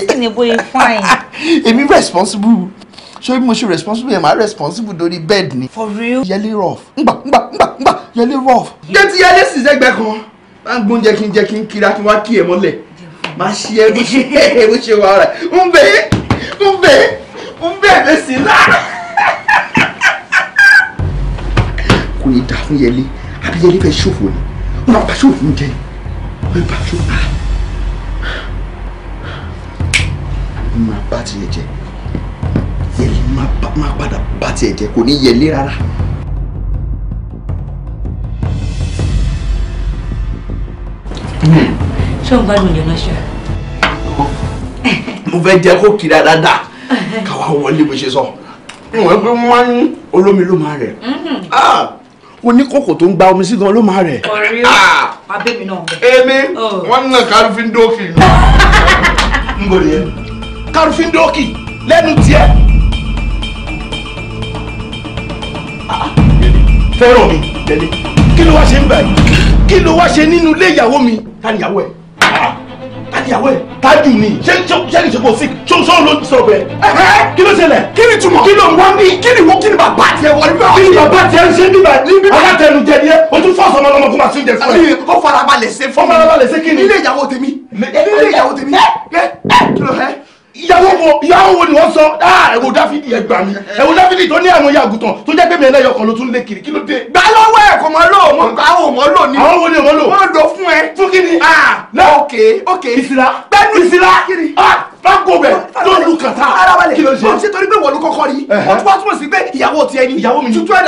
èmi responsible ṣé mo ṣe responsible yẹn máa responsible lórí bed ni. for real. yẹlé rough ngbà ngbà ngbà ngbà yẹlé rough. gẹ́tì yẹlé sì sẹ́gbẹ́ kan bá ń gbóúnjẹ kí n jẹ kí n kiri akínwá kí ẹ mọ́lẹ̀ máa ṣí ẹ bó ṣe bó ṣe wà ọ̀rẹ́ ń bẹ ń bẹ ń bẹ ẹ̀bẹ̀ sí ńlá. kò ní dà fún yẹlé àbí yẹlé fẹ́ ṣòfò ni ó máa bá ṣòfò jẹ ó máa bá ṣòfò ó máa bá tiẹ̀ jẹ yẹlé máa padà bá tiẹ̀ jẹ kò ní yẹlé rárá. Mm ṣé òun gbádùn oúnjẹ náà ṣe. mo fẹ́ jẹ́ kó kiri dáadáa káwa wọlé bó ṣe sọ ìwọ̀n pé wọ́n máa ń olómi ló máa rẹ̀ mm-hmm. ah! oníkòkò tó ń gba omi sí gan ló máa rẹ̀. ọ̀rẹ́ abẹ́mi ah! náà. èmi oh. wọ́n ń nà kárùfín dókì. n bò yẹ. kárùfín dókì lẹ́nu tiẹ̀. Ah, fẹ́ràn mi tẹ́lẹ̀ kí ló wá ṣe ń bẹ̀ kí ló wá ṣe nínú ilé ìyàwó mi ta ni ẹ̀ ìyàwó ẹ̀ tájù ni ṣé ṣé kì í ṣe kó sick ṣó ṣó ló sọ bẹ́ẹ̀. kí ló ṣẹlẹ̀ kí ni tuma kí ló ń wá bí kí ni wo kí ni bàbá tiẹ̀ wọ ní báwọn ṣe. kí ni bàbá tiẹ̀ ń ṣe nígbà níbi. alátẹnu jẹ ni ẹ o tún fọ́ọ̀sì ọmọ ọmọ kó máa sún jẹ fún ẹ. kó farabalẹ̀ ṣe fún mi. kó farabalẹ̀ ṣe kí ni. nílé ìyàwó tèmi nílé ìyàwó tèmi. ẹ ẹ kí ìyàwó wo ìyàwó wo ni wọ́n sọ ah, ẹ wo dáfídì ẹ gbà mí ẹ wo dáfídì tó ní àwọn yàgùtàn tó jẹ́ pé mi ló tún lé kiri kí ló dé. gbà lọ́wọ́ ẹ̀ kò mọ lò mọ káwọ́ mọ lò ní. àwọn wo ni mọ lò. wọ́n lò fún ẹ. fún kí ni. náà ah, ok ok. ìsira gbẹnu ìsira báńkò bẹ lólu kàtà kí ló ṣe. ṣé torí pé wọ́n ló kọ́kọ́ rí wọ́n tún sí pé ìyàwó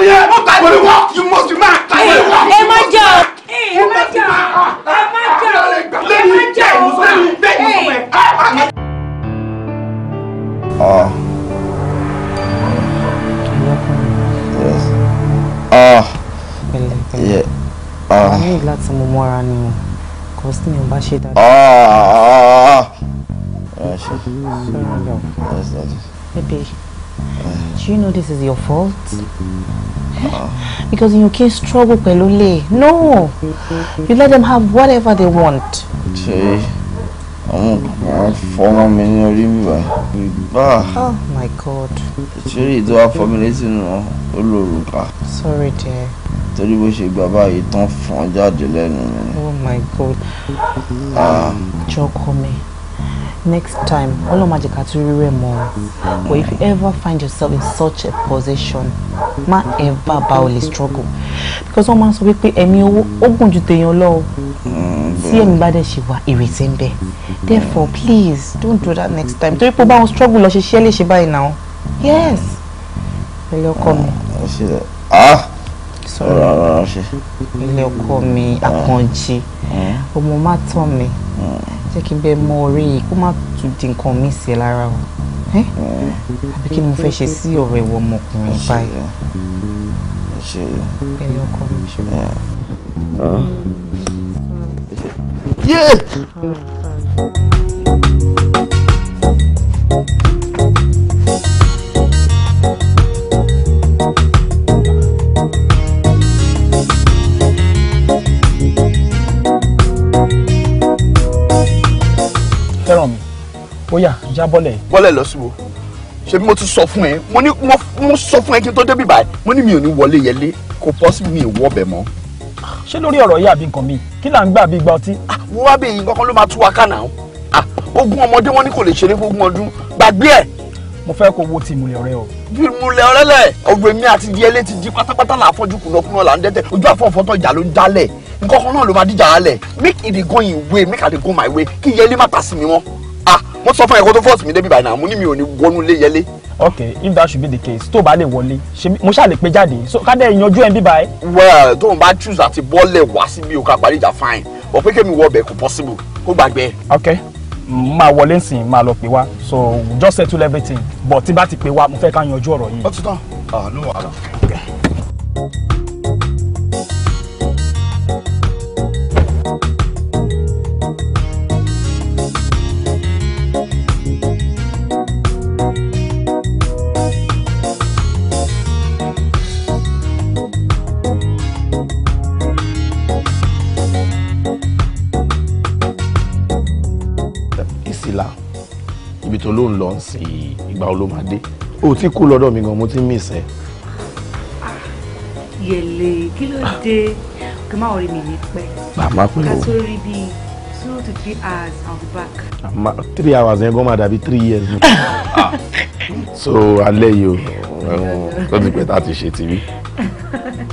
ah, you must be mad ẹ má jà ẹ má jà ẹ má jà ọ. Ah. Ah. Yes. Ah. Pẹ̀lẹ́ pẹ̀lẹ́. Ah. Ní láti mú mọ́ra ni o, kò sí ní bá ṣe dáadáa. Ah ah ah. ah. Yes, yes. Baby. Do you know this is your fault? Ah. because you can't struggle pelule. No! You let them have whatever they want. Jay, I'm going to follow Oh my god. Jay, do I formulate you Sorry, dear. torí bó ṣe gbà báyìí tán fọ́n jáde lẹ́nu mi. oh my god. Ah. jọkọ mi. Um, next time ọlọ́màjẹ̀ká tún rí rẹ̀ o but if you ever find yourself in such a position ma ever bá struggle because wọ́n máa ń sọ wípé ẹ̀mí owó ó gùn ju tèèyàn lọ o tí mm, ẹ̀mí bá dẹ̀ ṣe wà ìrètí ń bẹ therefore please don't do that next time torí pé báwọn struggle lọ ṣe ṣe é lè ṣe báyìí náà yes pẹ̀lú ọkọ mi. ah sọ̀rọ̀ ọ̀rọ̀ ṣe. ilé ọkọ mi àkànjì ọmọ má tán mi jẹ́ kí n bẹ mọ orí yìí kó má tún di nǹkan mi sí ẹ lára o àbí kí ni mo fẹ́ ṣe sí ọ̀rọ̀ ìwọ ọmọkùnrin báyìí. ilé ọkọ mi ṣe mọ. Yeah! tẹ́ràn mi ó yá já bọ́lẹ̀. bọ́lẹ̀ lọ síbo ṣe bí mo ti sọ fún ẹ mo ní mo sọ fún ẹ kí n tó débi báyìí mo ní mi ò ní wọlé yẹlé kò pọ́sibú mi ì wọ́ bẹ̀ mọ́. ṣé lórí ọ̀rọ̀ yìí àbí nǹkan mi kí là ń gbà bí gba ọtí. wọ́n ah, wá bí nǹkan kan ló máa tú wa kànáà ah, ogún ọmọdé wọn ní kò lè ṣeré fún ogún ọdún gbàgbé ẹ̀ mo fẹ́ kó wo ti ìmùlẹ̀ ọ̀rẹ́ o. bí ìmùlẹ̀ ọ̀rẹ́ lẹ̀ ọ̀gbìn mi àti ìdíyẹlé ti di pátápátá là á fọ́jú kùnà kùnà là ń dẹ́tẹ̀ ojú àfọ̀fọ́tọ̀ ìjà ló ń dálẹ̀ nǹkan ló máa díjà alẹ̀ make it dey go im way make i dey go my way kí yẹlé má pass mi mọ́ ah mo sọ fún ẹ kó tó fọ́ọ̀sì mi débi báyìí náà mo ní mi ò ní wọnú lé yẹlé. ok if that should be the case tó o bá lè wọlé mo ṣáà lè pé jáde so kádẹ́ ìyanjú ẹ̀ ń bí báyìí. well tó o bá choose àti bọ́ọ̀lẹ̀ wá síbi òkà parí ìjà fine but pé kémi wọ ọbẹ̀ kò possible kó gbàgbé. ok máa wọlé nsìn máa lọ pè wá so just settle everything but tí bá ti pè wá mo fẹ́ ká yanjú ọ̀rọ̀ yìí. ó ti tán àánú ah, wàhálà. òun ló ń lọ sí ìgbà olómadé o ti kú lọ́dọ̀ mi gan mo ti ń mìsẹ́. Ah, yẹlẹ kí ló dé kí má rí mi ní pẹ́. màmá pé o ká tó rí bíi two to three hours i'll be back. àmà three hours yẹn gan máa dàbí three years ni. so alẹ́ yìí o tó ti pẹ́ tá a ti ṣe tìbí.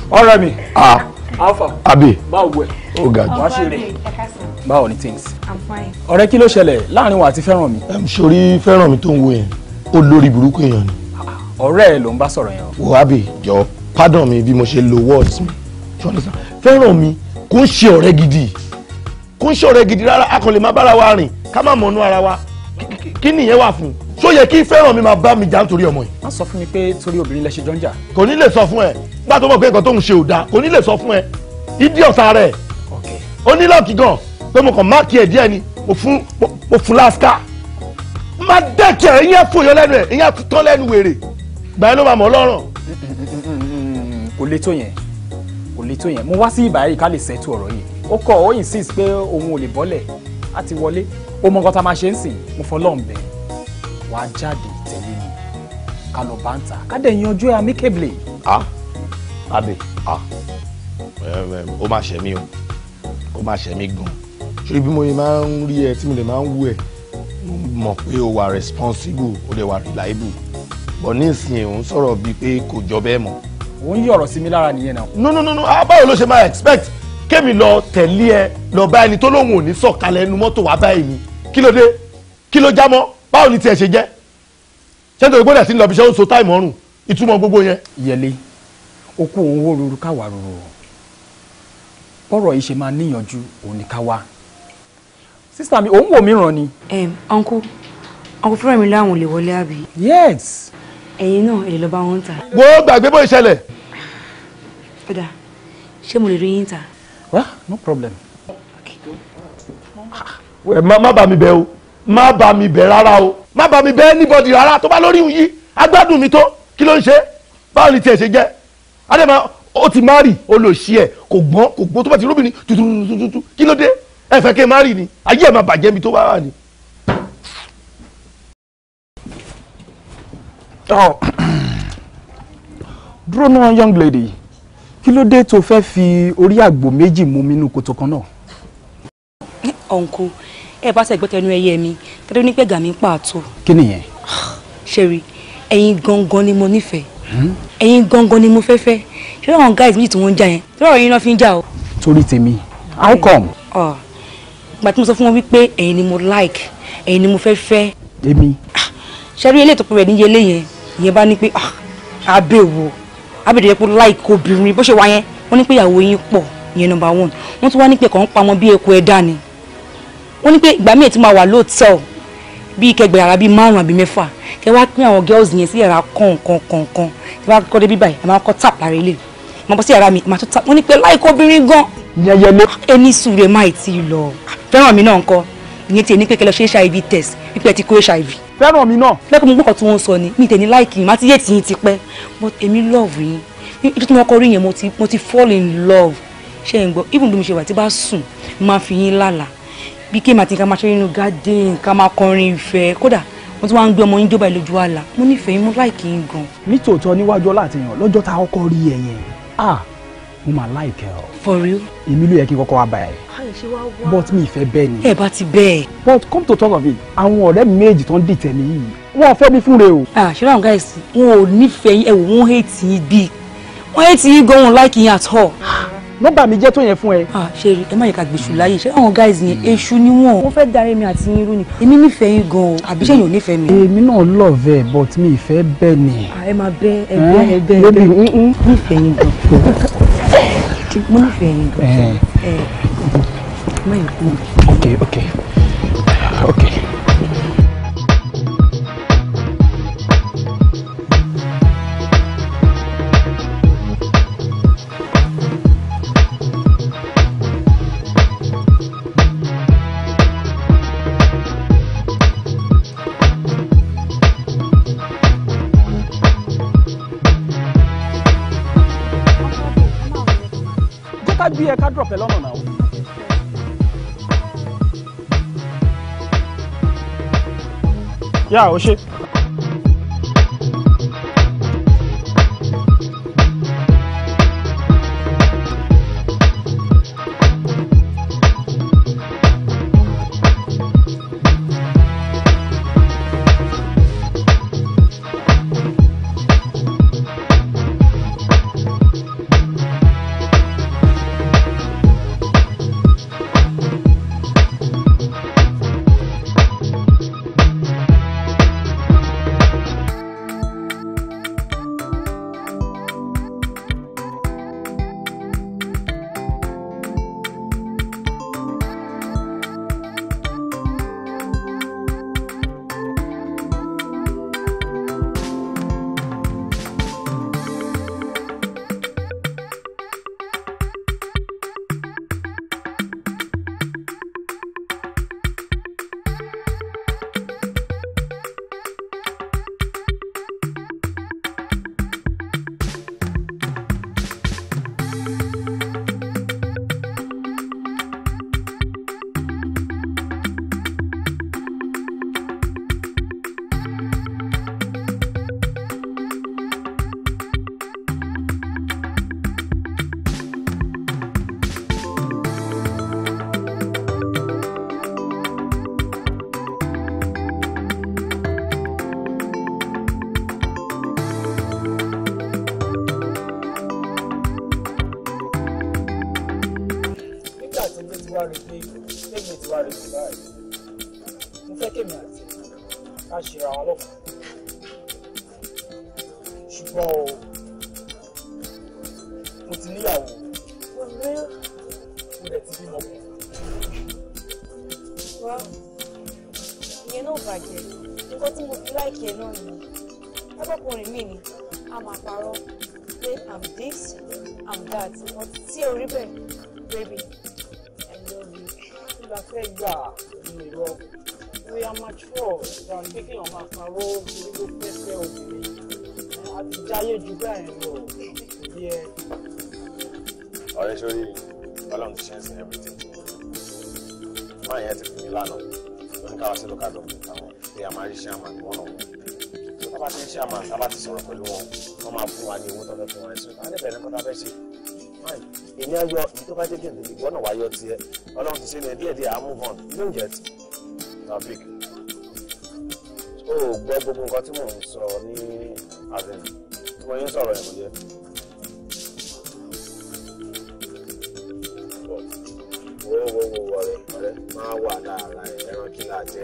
ọ̀rẹ́ mi. Ah, alfa abi báwo ẹ. ó ga jù. wá ṣe rè é báwo ni things. i'm fine. ọ̀rẹ́ kí ló ṣẹlẹ̀ láàrin wa àti fẹ́ràn mi. sori fẹ́ràn mi tó ń wo yẹn ó lórí burúkú èèyàn ni. ọ̀rẹ́ ẹ ló ń bá sọ̀rọ̀ yẹn. wò á bè jọ pardon mi bí mo ṣe lo words mi fẹ́ràn mi kò ń ṣe ọ̀rẹ́ gidi kò ń ṣe ọ̀rẹ́ gidi rárá a kò lè má bára wa rìn ká má mọ̀nú ara wa kí nìyẹn wà fún ṣó yẹ kí fẹ́ràn mi máa bá mi jà nítorí ọmọ yìí. má sọ fún mi pé torí obìnrin lẹ ṣe jọ ń jà. kò ní lè sọ fún ẹ gbà mọ̀ pé nǹkan tó ń ṣe ò dáa kò ní lè sọ fún ẹ ìdí rẹ̀ ó gan-an pé mo kàn máàkì ẹ̀ díẹ̀ ni mo fún mo fún láska má dẹ́kẹ̀ ìyẹn fòyọ lẹ́nu ẹ̀ ìyẹn tán lẹ́nu wèrè gbà yẹn ló máa mọ̀ lọ́rùn. kò le tó yẹn kò le tó yẹn mo wá sí ìbáyé ká lè ṣètò ọ̀rọ̀ yìí ó kọ̀ ó insist pé òun ò lè bọ́lẹ̀ á wọlé ó mọ nǹkan tá a máa ṣe ń sìn mo fọlọ́ ń bẹ̀ wàá jáde tẹ̀lé mi ká lọ bá ń ta ká dẹ̀ yanjú ẹ amicably. a abe a o máa ṣe o o máa ṣe gan-an ṣé bí mo lè máa ń rí ẹ tí mo lè máa ń wú ẹ mo pé o wà responsible o lè wà reliable but ní ìsìn òun sọ̀rọ̀ bíi pé kò jọ bẹ́ẹ̀ mọ́. òun yí ọ̀rọ̀ sí mi lára nìyẹn náà. no no no no ah, báwo ló ṣe máa expect kémi lọ tẹ̀lé ẹ lọ bá ẹni tó lóun ò ní sọ̀kalẹ̀ ẹnu mọ́tò wá báyìí mi kí ló dé kí ló já mọ́ báwo ni tiẹ̀ ṣe jẹ́ ṣé nítorí gbọ́dọ̀ sí ní lọ́bí ṣe ń so táìmù ọ̀rùn ìtumọ̀ gbogbo yẹn. yẹlé okú òun ruru káwa ruru ọ̀rọ̀ yìí ṣe máa níyànjú òun ní káwa sísá mi òun wò mí ràn ni. uncle uncle fúnra mi láwọn olè wọlé àbí. yes. ẹ̀yin náà èlé lọ́ba wọn ń ta. wo gbàgbé bó ìṣẹ̀lẹ̀. padà ṣé mo lè rí yín ta. wá no problem. wẹ̀ má bá mi bẹ̀ o má bá mi bẹ̀ rárá o má bá mi bẹ̀ anybody rárá tó bá lórí yìí agbádùn mi tó kí ló ń ṣe báwo ni tiẹ̀ ṣe jẹ́ adé máa ó ti má rì olóṣì ẹ̀ kò gbọ́n kò gbọ́n tó bá ti rúbìnrin tututututu kí ló dé ẹ fẹ́ kí n má rì ni ayé ẹ̀ máa bàjẹ́ mi tó bá wà ni. dúró náà young lady kí ló dé tó fẹ́ fi orí àgbò méjì mú mi nínú kòtò kan náà. ọ̀nkú ẹ bá ṣe gbọ́tẹ̀nu ẹyẹ mi tẹ́lẹ̀ ní pẹ̀gà mi ń pààtó. kí nìyẹn. ṣeré ẹ̀yin gangan ni mo nífẹ̀ẹ́ hmm? ẹ̀yin gangan ni mo fẹ́ fẹ́ ṣé àwọn guys méjì tí wọ́n ń jà yẹn tí wọ́n rọ̀ yín náà fi ń jà o. torí tèmi how come. Oh ìgbà tí mo sọ fún wọn wípé ẹ̀yin ni mo like ẹ̀yin ni mo fẹ́ fẹ́. èmi. Ah, ṣẹ́rí eléyìí tó pọ̀ rẹ̀ níye eléyẹn ìyẹn bá ní pé abẹ́ wo abẹ́ ìdílé pé like obìnrin bó ṣe wá yẹn wọ́n ní pé ìyàwó yín pọ̀ ìyẹn number one wọ́n tún wá ní pé kàn ń pamọ́ bí eku ẹ̀dá ni wọ́n ní pé ìgbà míì tí mo wà lóòtẹ́ọ̀ bíi kẹgbẹ̀rẹ̀ àrà bíi márùn-ún àbí mẹ́fà kẹ wá pín àwọn girls yẹn sí yàrá kọ̀ọ̀kan kọ̀ọ̀kan kẹ wá kọ́ dé bíbáyìí àmọ́ kọ́ tàpá rẹ̀ lè mo bọ́ sí yàrá mi màá tó ta mo ní pé láìkó obìnrin gan. ìyẹn yẹlé. ẹni sùúrù ẹ má ì tí ì lọ fẹ́ràn mi náà ń kọ́ ìyẹn tiẹ̀ ní pé kẹlẹ́ ṣe hiv test pípẹ́ ti kó hiv. fẹ́ràn mi náà. lẹ́kọ̀ọ́ mo gbọ́kàn tí wọ́n sọ ni mi tẹ̀ ní láìkì má ti yé tìyín ti pẹ́ but èmi love yín ibi tí mo kọ́ rí yẹn mo ti fall in love ṣe ń gbọ́ even bí mo ṣe wà tí bá sùn máa fi yín lálàá bí kí màtí ká máa ṣe nínú garden ká máa kọrin ìfẹ́ kódà mo tún wá ń gbé ọmọ yín jọba ìlójú àlà mo nífẹ̀ẹ́ yín mo láìkì yín gan. nítòótọ́ níwájú ọlá àtẹ̀yàn lọ́jọ́ tá a rí ẹ̀yìn ah mo máa like ẹ o. for real. èmi ló yẹ kí n kọ́kọ́ wá bá ẹ. ayọ̀ ṣe wá wá. but mi ìfẹ́ bẹ́ẹ̀ ni. ẹ bá ti bẹ́ẹ̀. but come to talk of it àwọn ọ̀rẹ́ méjì tó ń dìtẹ̀ mi yìí wọn ò fẹ́ mi fún o. ah ṣọlá àwọn guys wọn ò nífẹ̀ẹ́ yín ẹ wò wọ́n hate yín bíi wọ́n hate yín gan-an like yín at all. Ah nọ́mbà mi jẹ́ tó yẹn fún ẹ. ah ṣeré ẹ má yẹ ká gbèsù láyè ṣé àwọn guys yẹn hmm. èṣù ni wọn. wọ́n fẹ́ darí mi àti irú ni èmi nífẹ̀ẹ́ yín gan o àbí ṣẹ́yìn ò nífẹ̀ẹ́ mi. èmi náà love ẹ but mi ìfẹ́ bẹ́ẹ̀ ni. ẹ máa bẹ ẹ bẹ ẹ bẹ ẹ bẹ nífẹ̀ẹ́ yín gan mo nífẹ̀ẹ́ yín gan. ok ok ok. bí ẹ ká drop ẹ lọ́nà náà. yà ó ṣe. tó bá jẹ́ kí n tètè gbọ́nà wáyọ tiẹ̀ ọlọ́run ti ṣe ní díẹ̀ díẹ̀ àmú hàn you don't get tàbí o gbọ́ gbogbo nǹkan tí mò ń sọ ní àbẹ̀mí tí mo yín sọ̀rọ̀ yẹn mo máa wà lára ẹran kí jẹ.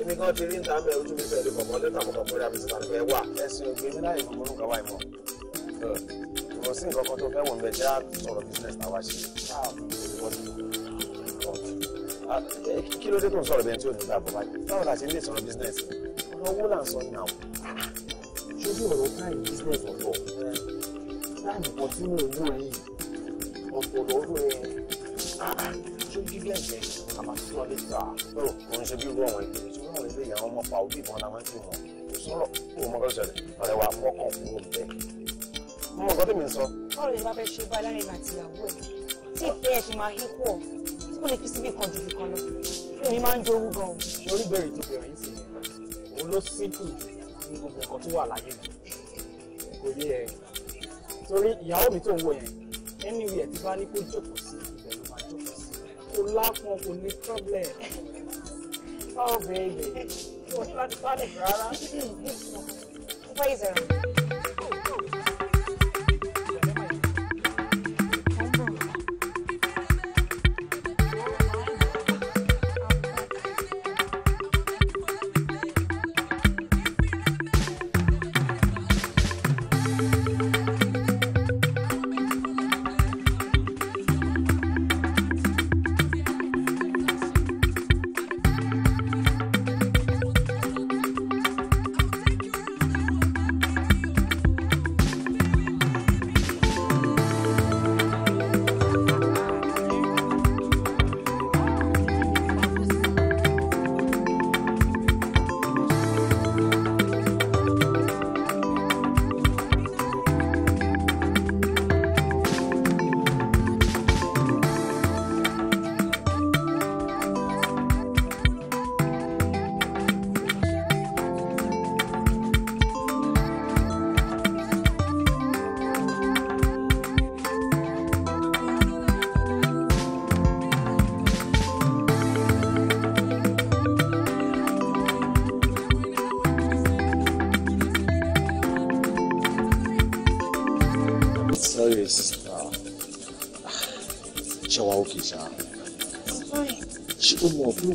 èmi kan ti rí nta mẹ ojú mi pẹ̀lú kọkọ kọkọ rẹ àbísí tàbí ẹ wà ẹsìn ògbé mi láì mọ wáyé mọ sí nǹkan kan tó fẹ́ wọ̀n bẹ́ẹ̀ jẹ́ sọ̀rọ̀ business náà wá ṣe ah, eh, kí ló dé tó ń sọ̀rọ̀ bẹ́ẹ̀ tí ò ní gbà bọ́ báyìí báwo la ṣe lè sọ̀rọ̀ business ọ̀rọ̀ owó là ń sọ náà ṣojú ọ̀rọ̀ táyì business ọ̀tọ̀ láàmì kan tí mo wò yìí ọ̀pọ̀ lọ́rọ̀ ẹ̀ ṣó bíbẹ̀ jẹ́ àmàtúwọ̀ lè ta ọ̀rọ̀ kò ń ṣe bí irú àwọn ìpèsè tí wọ́n lè yà wọ́n mọ́ pa òbí ìbọn làwọn ti mọ̀ kò sọ̀rọ̀ kó o mọ́ kọ́ sọ̀rọ̀ ọ̀rẹ́ wa mọ́kàn kúrò mo mọ nǹkan mi sọ. báwo lè bá fẹ́ ṣe bá láàrin àtìyàwó ẹ̀ tí ìfẹ́ ẹ̀ ṣe máa hí pọ̀ tí kò lè fi síbì kan jùlọ kan lọ fún mi máa ń jowú gan o. sori bẹ̀rẹ̀ ti bẹ̀rẹ̀ òun ló síkù ní gbogbo nǹkan tó wà láyé mi kò yé ẹ torí ìyàwó mi tó ń wò yẹn ẹni wíyẹ tí bá ní kó jókòó sí ibẹ̀ ló máa jókòó sí kó lápọn kò ní problem oh,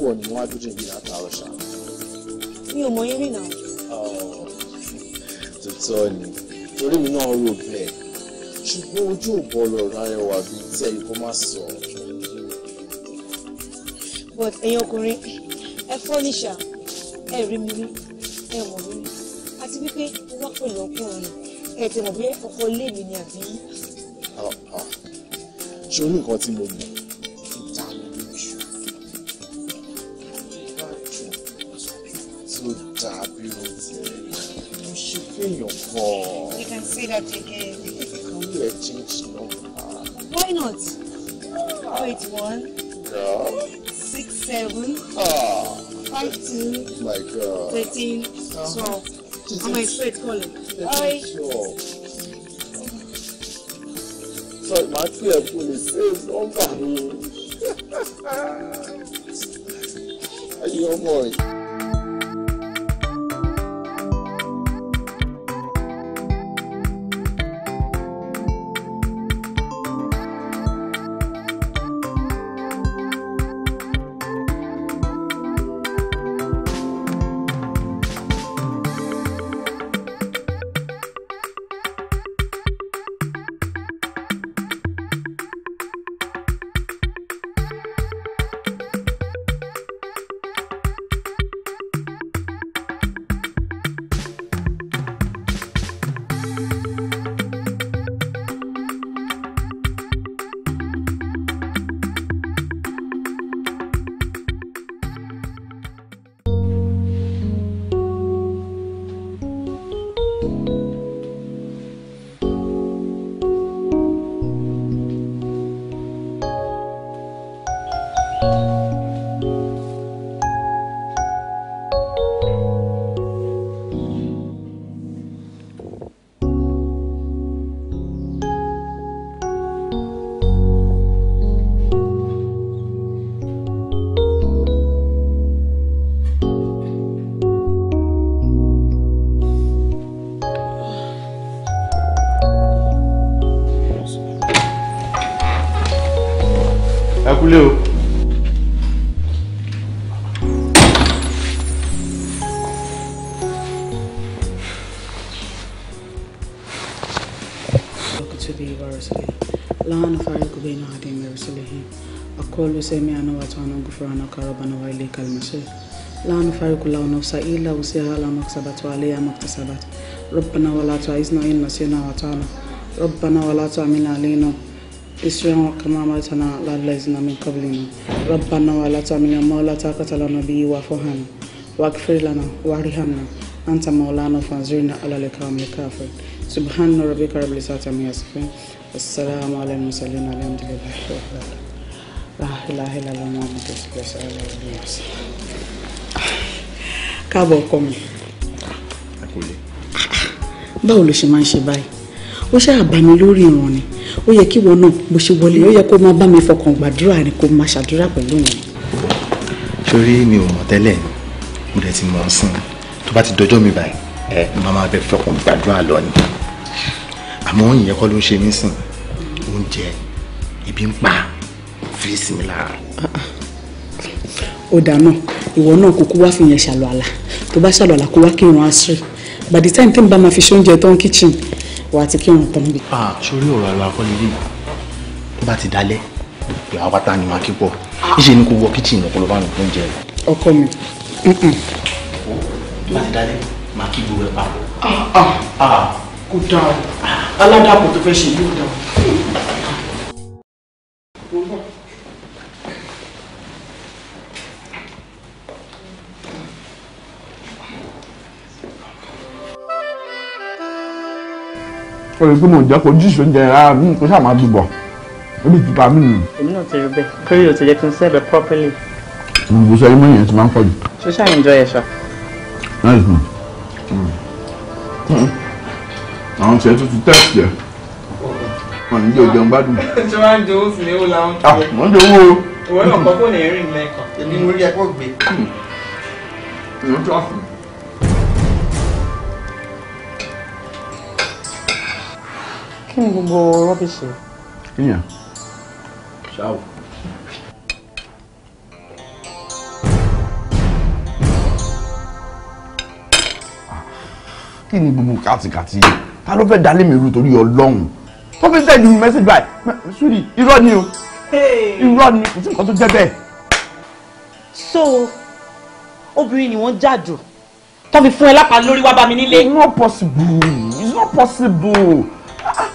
pọ̀ ni wọ́n á dúró ìgbéra àtàrọ̀ ṣá. mi ò mọ yín rìn náà. tuntun ni torí mi náà rò bẹ́ẹ̀ ṣùgbọ́n ojú ò bọ́ lọ rárẹwà bíi tí ẹ̀yìn kó má sọ. but ẹ̀yin ọkùnrin ẹ fọ́ níṣà ẹ rí mi rí ẹ mọ̀ mi rí àti wípé wọ́n pè lọ́kùnrin ẹ ti mọ̀ bí ọkọ ilé mi ni àbí. ṣé o ní nǹkan tí mo mọ̀ that again. Let it know. Why not? Wait, oh, one. Yeah. Six, seven. Ah. Five, two. My God. Thirteen. Uh-huh. Twelve. Jesus. I'm my straight calling. Hi. Sorry, my fear police says number. ẹ kúlé o. لعن فارق بين عدم رسله أقول سمع أنا وأطعنا غفرانك ربنا وإليك المصير لا نفارق الله نفسا إلا وسعها لا مكسبت وعليها ما اكتسبت ربنا ولا تعزنا إن نسينا وأطعنا ربنا ولا تعمل علينا اسرا كما ماتنا لا لزنا من قبلنا ربنا ولا تعملنا ما لا طاقة لنا به وفهنا واغفر لنا وارحمنا أنت مولانا فانزلنا على القوم الكافر سبحان ربك رب العزة عما يصفون السلام على المرسلين الحمد لله رب العالمين لا إله إلا الله محمد رسول الله káàbọ̀ ọkọ mi. báwo ló ṣe máa ń ṣe báyìí ó ṣáà bá mi lórí ìrùn ni ó yẹ kí wọn náà bó ṣe wọlé ó yẹ kó máa bá mi fọkàn gbàdúrà ni kó máa ṣàdúrà pẹ̀lú mi. sórí mi ò mọ̀ tẹ́lẹ̀ mo dẹ̀ ti mọ̀ ọ́ sìn tó bá ti dọjọ́ mi báyìí ẹ máa máa bẹ fọkàn gbàdúrà lọ ni àmọ́ ìyẹn kọ́ ló ń ṣe mí sìn oúnjẹ ibi ń pa fi mi lára. ó dáná ìwọ náà kúkú wá fi yẹn ṣàlọ́ àlà tó bá ṣàlọ́ àlà kó wá kí irun àṣírí by the time tí n bá máa fi ṣe oúnjẹ tó kitchen wà á ti kírun tán bí. a ah, sórí ọ̀rọ̀ ara kọ́ lélẹ̀ tó bá ti dalẹ̀ pé àwa ni máa kí pọ̀ níṣẹ́ ni kò wọ kíchìn ọ̀pọ̀ lọ́ba nù oúnjẹ rẹ̀. ọkọ mi. tó bá ti dalẹ̀ máa kí gbogbo ah, papọ̀. Ah. Ah. kò dáa aládàpọ̀ tó fẹ́ ṣe yóò dáa. ó rí i pé mo jẹ́ kó jíṣò ń jẹ rárá ah, mi mm, kó ṣáà máa dùbọ̀ ó lè dùbà nù. èmi náà ti rí bẹ́ẹ̀ kórè ò ti jẹ́ kí n sẹ́ẹ̀bẹ̀ properly. ìbò mm, sọ imú yẹn ti máa ń pọ̀ jù. ṣó ṣáà enjoy ẹ̀ ṣá. Mm. àwọn tiẹ̀ tó ti test yẹ wọn ní jẹ́ òjò ń ṣé wàá ń jẹ owó sí ni ó la ń tó. àwọn ah, ń jẹ owó o. ìwọ náà fóònù ẹ̀rín lẹ́ẹ̀kan èmi mo rí ẹ kó gbé. ìrántí wà fún kí ni gbogbo rọ́bìṣì. kíyàn. ṣáwù. kí ni gbogbo kàtìkàtì ta ló fẹ́ dalé mi rú torí ọlọ́run tó fi sẹ́ẹ̀dì mẹ́sẹ̀gì báyìí sùúrì irọ́ ni o irọ́ ni kò sí nǹkan tó jẹ́ bẹ́ẹ̀. so obìnrin ni wọ́n jàdù tó fi fún ẹ lápá lórí wá bá mi nílé. it's not possible it's not possible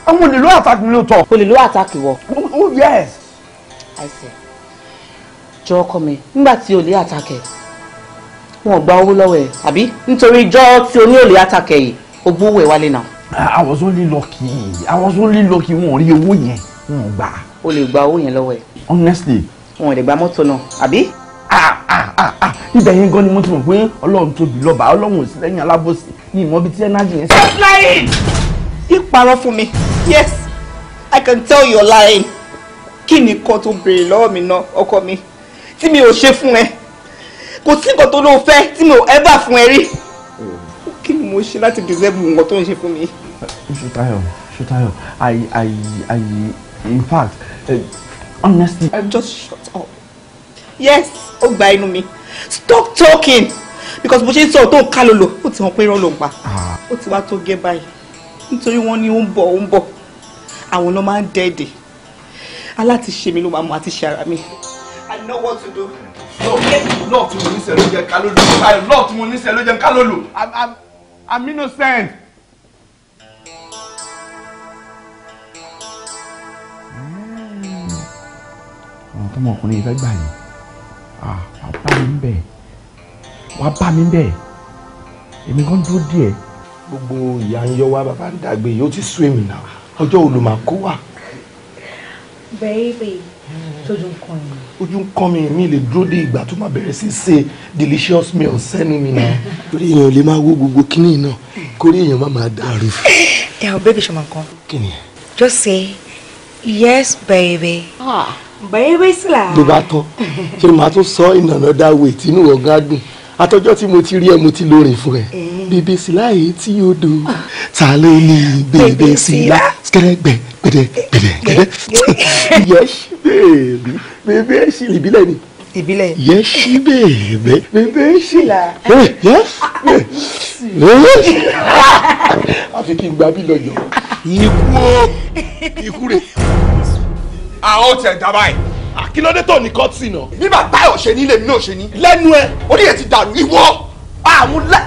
àwọn olè ló attack mi lóòótọ́. olè ló attack wọ. Oh, oh yes. i see jọ ọkọ mi nígbà tí olè attack ẹ wọn gba owó lọ́wọ́ ẹ àbí nítorí jọ tí o ní olè attack ẹ yìí o gbówó ẹ wálé náà. i was only lucky i was only lucky wọn ò rí owó yẹn wọn ò gbà. o lè gba owó yẹn lọ́wọ́ ẹ. honestly. wọn ò lè gba mọ́tò náà àbí. ah ah ah ah ibẹ̀ yẹn gan ni mo ti mọ̀ pé ọlọ́run tóbi lọ́ba ọlọ́run ò sí lẹ́yìn alábòsí ní ìmọ̀ bíi tí ẹ́nájì yẹn. stop lying yé parọ́ fún mi yes i can tell you lying kí ni kan tó béèrè lọ́wọ́ mi náà ọkọ mi tí mi ò ṣe fún ẹ kò sí nǹkan tó lóun fẹ́ tí mi ò ẹ́ bà fún ẹ rí kí ni mo ṣe láti deserve nǹkan tó ń ṣe fún mi. Ṣùtáyọ̀ Ṣùtáyọ̀ i i i in fact uh, honestly. i just shut up yes ó gba inú mi stop talking because bó ṣe ń sọ̀rọ̀ tó ń ká lolo ó ti hàn pé irọ́ ló ń pa ah. ó ti wá tó gé báyìí nítorí wọ́n ní ó ń bọ̀ ó ń bọ̀ àwọn náà máa ń dẹ́ẹ̀dẹ̀ aláti ṣe mi ló máa mọ àti ṣe ara mi. I know what to do. lọ́ọ̀ tí mo ní sẹ́ ló jẹ́ ká I'm innocent. Hmm. àwọn tó mọ ọkùnrin yìí fẹ́ gbà yìí ah, wàá bá mi ń bẹ̀ wàá bá mi ń bẹ̀ èmi kan dúró díẹ̀ gbogbo ìyá ń yọ wá bàbá ń dàgbé yóò ti sú èmi náà ọjọ́ wo wà. bẹ́ẹ̀bẹ́ tójú ń kàn mí. ojú ń kàn mí mi lè dúró dé ìgbà tó máa bẹ̀rẹ̀ sí ṣe delicious meal sẹ́nu mi náà. torí èèyàn lè máa wo gbogbo kíní náà kórè èèyàn má máa dàrú. ẹ ò bẹ́ẹ̀ bí sọmọ nǹkan. kí ni. just say yes baby. Ah, baby sla. ló bá tán ṣé màá tún sọ ìnànà dá wèé tínú ọ̀gá dùn àtọjọ́ tí mo ti rí ẹ mo ti lóore fún ẹ eh. bèbè sílá èyí tí yóò do ta ló ní bèbè sílá skẹrẹgbẹ gbẹdẹ gbẹdẹ eh, gbẹdẹ eh. yẹsí bèbè bèbè sí ìbílẹ̀ ni ìbílẹ̀ yẹsí bèbè bèbè sí yẹsí àfi kí n gba bí lọ yọ. ikú o ikú rẹ àwọn ò tẹ̀ dábàá yìí àkílódé tó ní kọ́tì náà. bí bàbá ẹ̀ ọ̀ṣẹ́ ní ilé mi náà ṣe ní. lẹ́nu ẹ̀. orí ẹ̀ ti dàrú ìwọ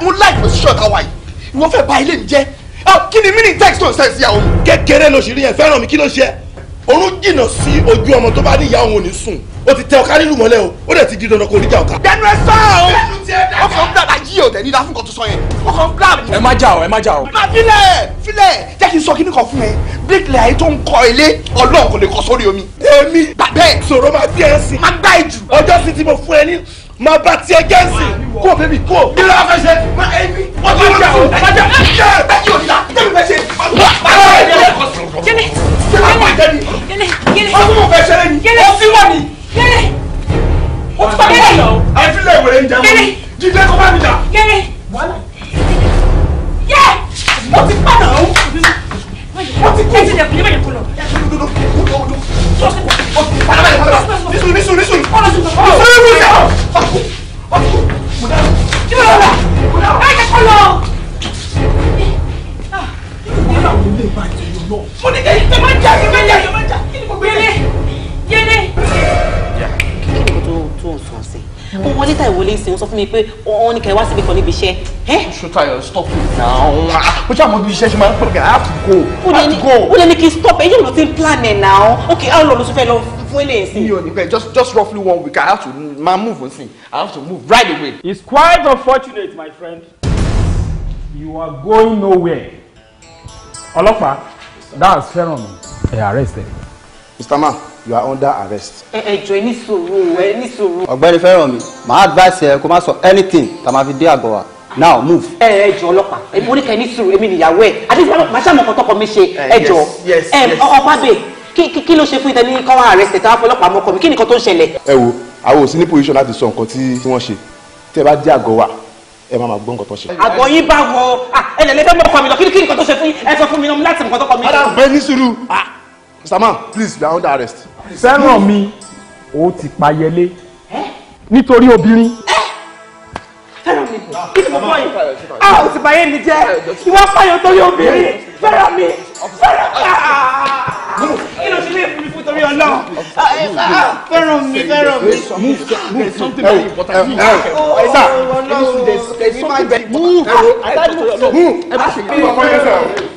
mo láì pòsíṣọ̀ táwa yìí ìwọ fẹ́ bà ilé mi jẹ́ kí ni mini text tó ń sẹ́yìn sí àwọn mi. kékeré ló ṣì rí yẹn fẹ́ràn mi kí ló ṣe é. jìnnà sí ojú ọmọ tó bá ní ìyá òun ò ní sùn o ti tẹ ọ̀ká nílùú mọ́lẹ̀ o ó dẹ̀ ti di dandan kó níjà ọ̀ká. bẹ́ẹ̀ni ẹ sọ o ọkọ ń dàda yí o tẹ̀lé ìdáfún kan tó sọ yẹn ọkọ ń dà mí. ẹ má jà o ẹ má jà o. má filẹ̀ filẹ̀ jẹ́ kí n sọ kíní kan fún ẹ bíríkìlì ayé tó ń kọ́ ilé ọlọ́run kò lè kọ́ sórí omi. èmi bàbẹ́ sọ̀rọ̀ máa bí ẹ sìn. má gbá ìjù. ọjọ́ sì ti mo fún ẹ ní máa bá tiẹ̀ gẹ́ǹsì ti jà o má jà má jà bẹ́ẹ̀ ni òdìdá fẹ́ ṣe. gẹ́lẹ́ gẹ́lẹ́ gẹ́lẹ́ Gẹ́rẹ́ o ti pa gẹ́rẹ́ lọ. àfilẹ̀ ìwèrè ń jà mọ́ jíjẹ́ kó bá mi jà. gẹ́rẹ́ yẹ o ti pa náà o ti kú. ẹ ti dẹ̀ kúlẹ̀ bẹ̀rẹ̀ kúlọ̀. nísun nísun nísun. ọ̀rọ̀ ti sọ̀rọ̀ ọ̀rọ̀ ti sọ̀rọ̀ ọ̀rọ̀ ti sọ̀rọ̀ ọ̀rọ̀ ti sọ̀rọ̀ mo ní kẹ́yìn tó máa ń jà tó máa ń jà tó máa ń jà kí ni mo gbé lé yé lé ó wọlé tàì wọlé ìsìn ó sọ fún mi pé wọ́n ní kẹ́ wá síbi kan níbi iṣẹ́. Ṣùtayọ̀ stop it now ah, ó ṣe àmọ́ bí iṣẹ́ ṣe máa ń pè mí I have to go I have to go. ó lè ní kí stop èyí ló ti ń plan ẹ̀ now okay how long ló tún fẹ́ lọ fún ilé ìsìn. mi ò ní pẹ́ just just roughly one week I have to ma move on sin I have to move right away. It's quite unfortunate my friend you are going nowhere. ọlọ́pàá that's fẹ́ràn mi. ẹ arrest ẹ. Mr. Man you are under arrest. ẹ ẹ jọ ẹ ní sùúrù ẹ ní sùúrù. ọ̀gbẹ́ni fẹ́ràn mi màá advice ẹ kó má sọ anything tá a máa fi dé àgọ́ wa now move. ẹ ẹ jọ ọlọ́pàá èmi oníkẹ ní sùúrù èmi nìyàwó ẹ àti màá ṣàmọkàn tọkọ mi ṣe eh, ẹ jọ ẹ ọkọ abẹ kí kí ló ṣe fún ìtẹ́ni kọ́ wá arrest táwọn ọlọ́pàá mọ́kọ mi kí nìkan tó ń ṣẹlẹ̀. ẹ wo àwọn ò sí ní position láti sọ nǹkan tí wọ́n ṣe tẹ́ ẹ bá dé àgọ́ wa ẹ máa ma gbọ́ nǹkan tó ṣe. àgọ́ yín bá wọ ẹ lẹ́lẹ́ fẹ́ mọ́kọ mi lọ kí nìkan tó ṣe fún ẹ sọ fún mi láti mọ̀ tó kọ mi. ọ̀dà gbé ní sùúrù. sir ah, ma'am please we are under arrest fẹ́ràn mi ó ti payẹlé nítorí obìnrin. fẹ́ràn mi kí ló bọ́ yìí a ò sì báyé mi jẹ́ ìwọ pààyàn torí obìnrin fẹ́ràn mi fẹ́ràn mi ah! kí ló ṣe lè fún mi fún torí ọlọ́run ah, eh, ah, fẹ́ràn mi fẹ́ràn mi. Move something very important. Move. Oh, sir, there's something very important. Move. Move. Move. Move. Move. Move. Move. Move. Move. Move. Move. Move. Move.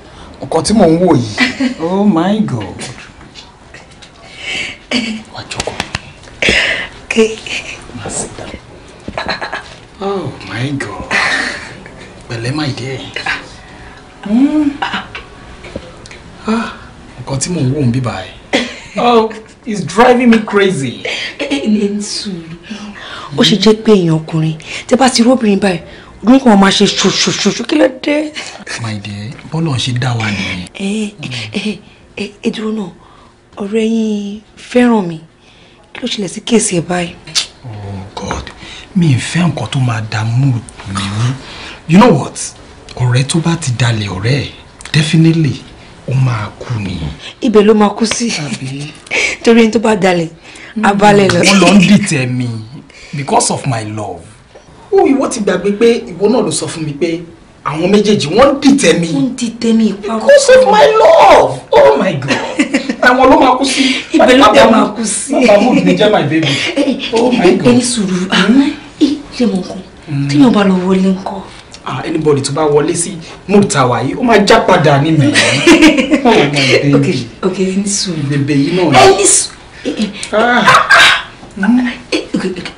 nǹkan tí mò ń wò yìí. oh my god. wàá jókòó. okay. má sì dá. oh my god. pẹ̀lẹ́ my dear. nǹkan tí mò ń wò ń bíbá ẹ̀. oh it's driving me crazy. ẹ ẹ ní sùúrù ó ṣe jẹ́ pé èèyàn ọkùnrin tẹ́ bá ti róbìnrin báyìí gun kan máa ṣe ṣoṣoṣoṣo kí ló dé. my dear bọ́lọ̀ ṣe dá wa nìyẹn. ẹ ẹ ẹ ẹ dúró náà ọ̀rẹ́ yín fẹ́ràn mi kí ló ṣẹlẹ̀ sí kéèsì ẹ̀ báyìí. oh god mi ì fẹ́ nǹkan tó máa mood. mi mú you know what ọ̀rẹ́ tó bá ti dalẹ̀ ọ̀rẹ́ ẹ̀ definitely ó máa kú ni. ibẹ̀ ló máa kú sí torí ẹni tó bá dalẹ̀ abalẹ̀ lọ. wọ́n lọ ń dìtẹ̀ mi because of my love ó ìwọ ti gbàgbé pé ìwọ náà ló sọ fún mi pé àwọn méjèèjì wọ́n ń dìtẹ̀ mi. wọ́n ń dìtẹ̀ mi ìparọ́. because of my love oh my god àwọn ló máa kú sí. ibẹ̀ ló dé máa kú sí. bàbá mo ní jẹ́ my baby eh, eh, oh my eh, god. ẹni sùúrù ah, hmm? ṣé mo kàn hmm. tí yóò bá lọ wọlé ńkọ́. ah anybody tó bá wọlé sí mood ta wà yìí ó máa já padà ní mi. Oh ok ok ẹni sùúrù. bèbè yìí náà. ẹni sùúrù.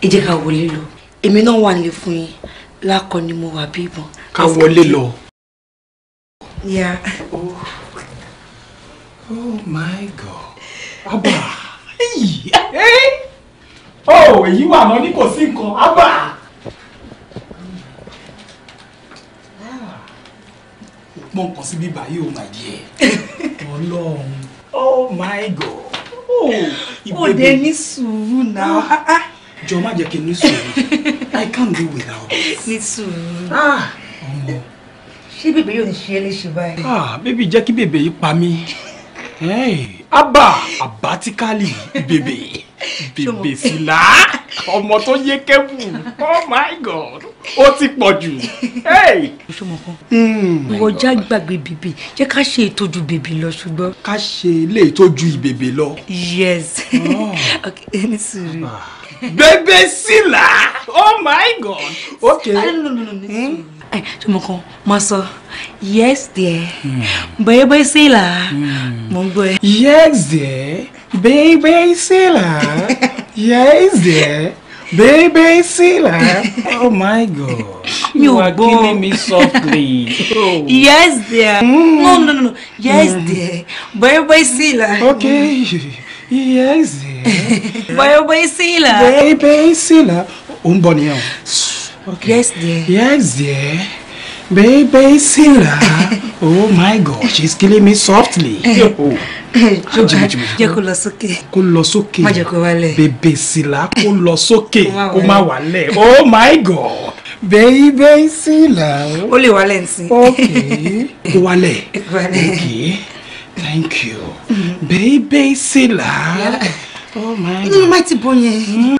ẹ jẹ́ ká wọlé lọ èmi náà wà nílé fún yín lákọ ni mo wà bí ìbọn. ká wọlé lọ. Yeah. Oh. oh my God. Abba. Oh, èyí wà náà ní kò sí nǹkan. Abba. Pọ́n kan sí bíbá yìí, oh my dear. Ọlọ́run. Oh my God. Oh, ìbò dé ní sùúrù náà. Oh. Ah, ah jọ má jẹ́ kí n ní sùúrù i can't do without it. ní sùúrù. Ah, ọmọ. Eh. ṣé bèbè yóò ní ṣe é léṣe báyìí. Ah, bèbè jẹ́ kí bèbè yìí pa mí abba abatikali bèbè bèbè sílá ọmọ tó yé kẹ́bù oh my god ó ti pọ̀ jù. ṣọmọkan hmm. ìwọ já gbàgbé bèbè jẹ́ ká ṣe ìtọ́jú bèbè lọ ṣùgbọ́n. ká ṣe ilé ìtọ́jú ìbèbè lọ. yes oh. ok ẹni sùúrù. Ah bébé sílà oh my god okay. Hmm? Eh, ṣé mo kàn máa sọ yes dear hmm. bébé sílà hmm. mo ń gbọ́ ẹ. yes dear bébé sílà yes dear bébé sílà oh my god mi ò gbọ́ you are killing me softly. oh. yes dear mm. no no no yes mm. dear bébé sílà. okay yes dear bọ̀yọ̀ bọ̀yọ̀ sílà. bẹ́ẹ̀ bẹ́ẹ̀ sílà ò ń bọ̀ nìyẹn o. yes dear. yes dear. Baby Sarah, oh my God, she's killing me softly. Oh. Jẹ́ kó lọ sókè. Kó lọ sókè. Má jẹ́ kó wálẹ̀. Bèbè Sìlá kó lọ sókè Oh my God, Baby Sìlá. Ó wale nsi. Okay, Wale. wálẹ̀. Okay, thank you. Baby Sìlá. Yeah oh my god. inú mi máa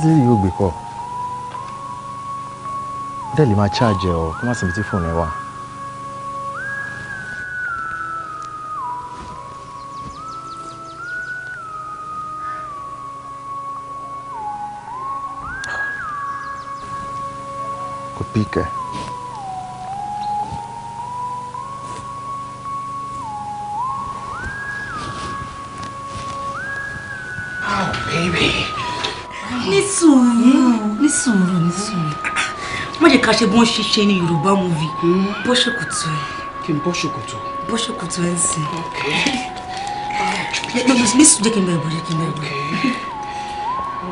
easily yóò gbé kọ́ dẹ́ máa charge ẹ̀ kó má síbi tí fóònù ẹ wà. kò píkẹ́. Oh, baby sùúrù ní sùúrù má jẹ́ ká ṣe bọ́n ṣe ṣe ní yorùbá movie hmm? bọ́ ṣòkòtò ẹ̀. kí n bọ́ ṣòkòtò. bọ́ ṣòkòtò ẹ̀ ń sìn. ní sùúrù jẹ́ kí n bẹ̀rẹ̀ bọ́ jẹ́ kí n bẹ̀rẹ̀ bọ́.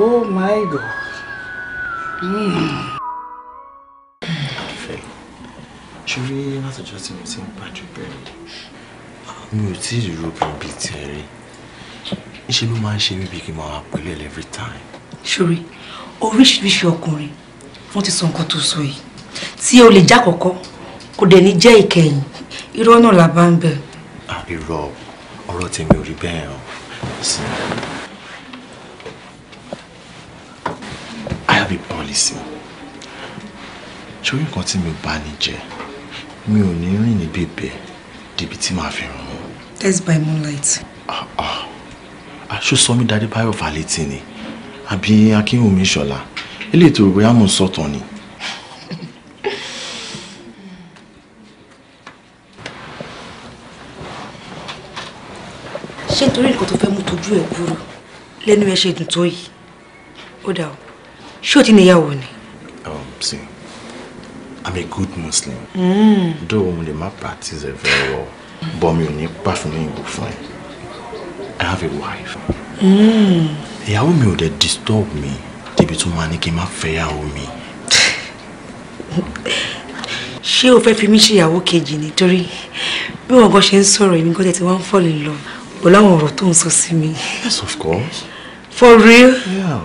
oh my god. Hmm. ṣorí látọjọ́ tí mo ti ń pàjù bẹ́ẹ̀ mi ò tí ì rú bíi tiẹ̀ níṣẹ́ ló máa ń ṣe bíbí kí n every time. ṣòrí oríṣiríṣi ọkùnrin wọ́n ti sọ nǹkan tó sọ yìí tí o lè jákọ̀ọ́kọ́ kò dẹ̀ ní jẹ́ ìkẹyìn irọ́ náà la bá ń bẹ̀. irọ́ ọ̀rọ̀ tèmi ò rí bẹ́ẹ̀ o. I have a policy. sórí nǹkan tí mi ò bá ní jẹ mi ò ní rìn ní bèbè débi tí màá fi rùn. Death by moonlight. Ah, ah àṣùsọmí Adébáyọ̀ Fálétí ni àbí Akínwùmí Ṣọlá eléyìí tó rò bóyá mò ń sọ̀tàn ni. ṣé nítorí nǹkan tó fẹ́ mú tójú ẹ̀ kúrò lẹ́nu ẹ̀ ṣe dùn tó yìí ó dà o ṣé o ti níyàwó ni. Um, see i'm a good muslim mm. though mo lè má practice it very well but mi ò ní pàfin ní ìbò fún ẹ. I have a wife. Mm. Ìyàwó mi ò would disturb mi débi tó máa ní kí n má fẹ́yàwó mi. She o fẹ́ fi mí ṣèyàwó kejì nítorí bí wọn gan ṣe ń sọ̀rọ̀ èmi gan tẹ̀tẹ̀ won't fall in love pẹ̀lú àwọn ọ̀rọ̀ return so see me. Yes of course. For real? Yeah.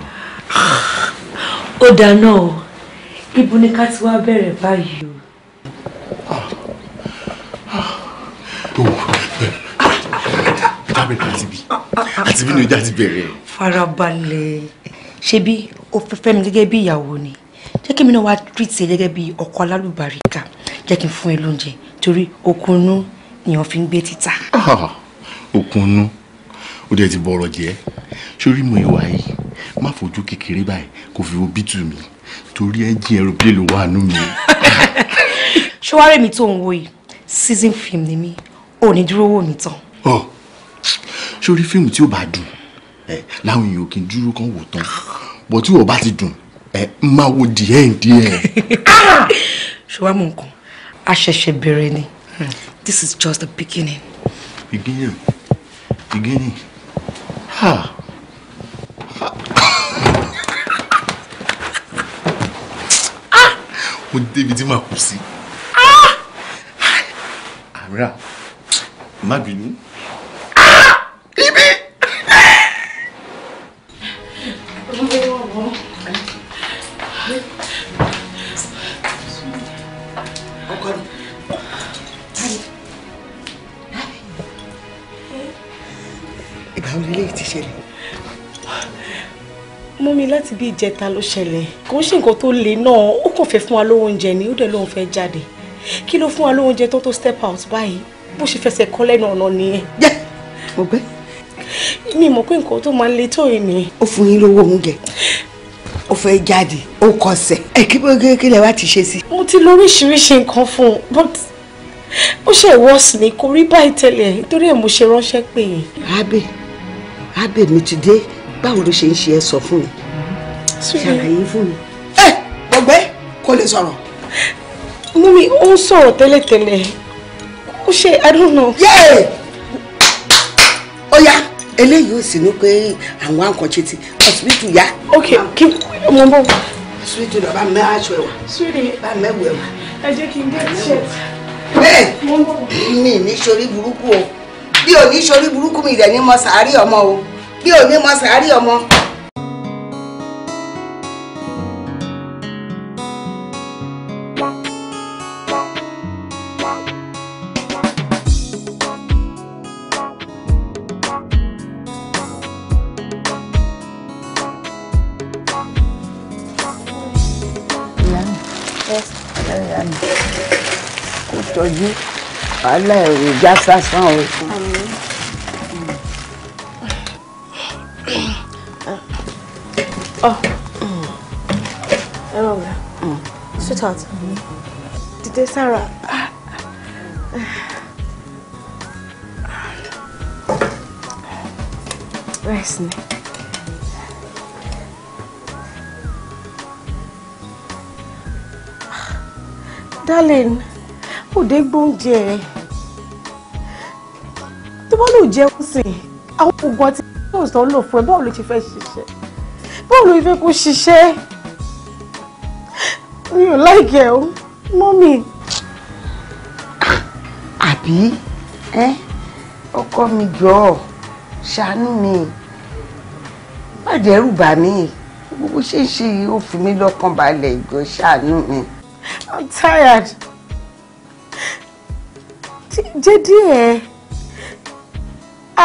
Oh dáná o, ibo ni ká ti by you. báyìí o. Oh bẹ̀rẹ̀ àti bí àti bí ni ojú àti bẹ̀rẹ̀. farabalẹ̀ ṣebí o fẹ́ fẹ́ mi gẹ́gẹ́ bí ìyàwó ni jẹ́ kí mi náà wá treat ẹ gẹ́gẹ́ bí ọkọ alálùbáríkà jẹ́ kí n fún ẹ lóúnjẹ torí okunnu nìyàn fi ń gbé títà. okunnu ó dẹ̀ ti bọ̀rọ̀ jẹ́ sórí mo ìwà yìí má fojú kékeré báyìí kò fi wo bítù mi torí ẹ́ńjìn ẹ̀rọ̀pẹ́ ló wà nù mí. ṣọwárẹ̀ mi tó ń wo yìí season film ni mi ò ní dúró wò mí tán sórí fíìmù tí ó bá dùn ẹ láwọn èèyàn kì í dúró kán wò tán bọ̀ tí ò bá ti dùn ẹ máa wo díẹ̀ díẹ̀. ṣùgbọ́n mo nǹkan a ṣẹ̀ṣẹ̀ bẹ̀rẹ̀ ni hmm. this is just the beginning. beginning beginning ha. Ah! mo débi tí màá kù sí. Ah! àmìrà má bínú. ṣẹlẹ̀. mọ́mì láti bí ìjẹta ló ṣẹlẹ̀ kò ń ṣe nǹkan tó le náà ó kàn fẹ́ fún wa lówó oúnjẹ ni ó dẹ̀ lóun fẹ́ jáde kí ló fún wa lówó oúnjẹ tó tó step out báyìí bó ṣe fẹsẹ̀ kọ́ lẹ́nu ọ̀nà nìyẹn. jẹ́ mo gbé. mi mọ̀ pé nǹkan tó máa ń le tó yìí ni. ó fún yín lówó oúnjẹ ó fẹ́ jáde ó kọsẹ̀ ẹ kí ló kí lè wá ti ṣe sí. mo ti lóríṣiríṣi nǹkan fún un but ó ṣe worse ni kò rí báyìí tẹ́lẹ̀ nítorí ẹ̀ mo ṣe ránṣẹ́ pè yín. àbẹ̀ abèmí ti dé báwo ló ṣe ń ṣe ẹ sọ fún mi ṣàlàyé fún mi. ẹ gbọgbẹ kò lè sọ̀rọ̀. mummy ó ń sọ̀rọ̀ tẹ́lẹ̀tẹ́lẹ̀ ó ṣe i don't know. yéè ó yá eléyìí ò sí ní pé àwọn àǹkọ̀chìtì ọ̀sibítù yá. ok kí mo bọ̀. ọ̀sibítù lọ bá mẹ́ aṣọ ẹ̀wà. sùúrì bá mẹ́wù ẹ̀wà. ẹ jẹ́ kí n dé ṣẹ́ẹ̀tì. bẹ́ẹ̀ mi ní sori burúkú o bí ò ní sori burúkú mi rẹ̀ ní mọ sàárì ọmọ o bí O ní mọ sàárì ọmọ. tọ́jú wàhálà èròjà sásán o. ẹ rọ wẹ sweetheart dìde Sarah. rice me, darling ó dé gbóúnjẹ rẹ tó bá lò jẹun sí i àwọn oògùn àti ìṣòro tó ń lò fún ẹ báwo ló ti fẹ́ bọ́ọ̀lù ìfẹ́ kò ṣiṣẹ́ mi ò láìkẹ́ o mọ́mì. eh? ọkọ mi jọ̀ọ́ ṣàánú mi bàjẹ́ rúbà mi gbogbo ṣe ń ṣe ó fi mí lọ́kàn balẹ̀ ìjọ ṣàánú mi. I'm tired jẹ́ díẹ̀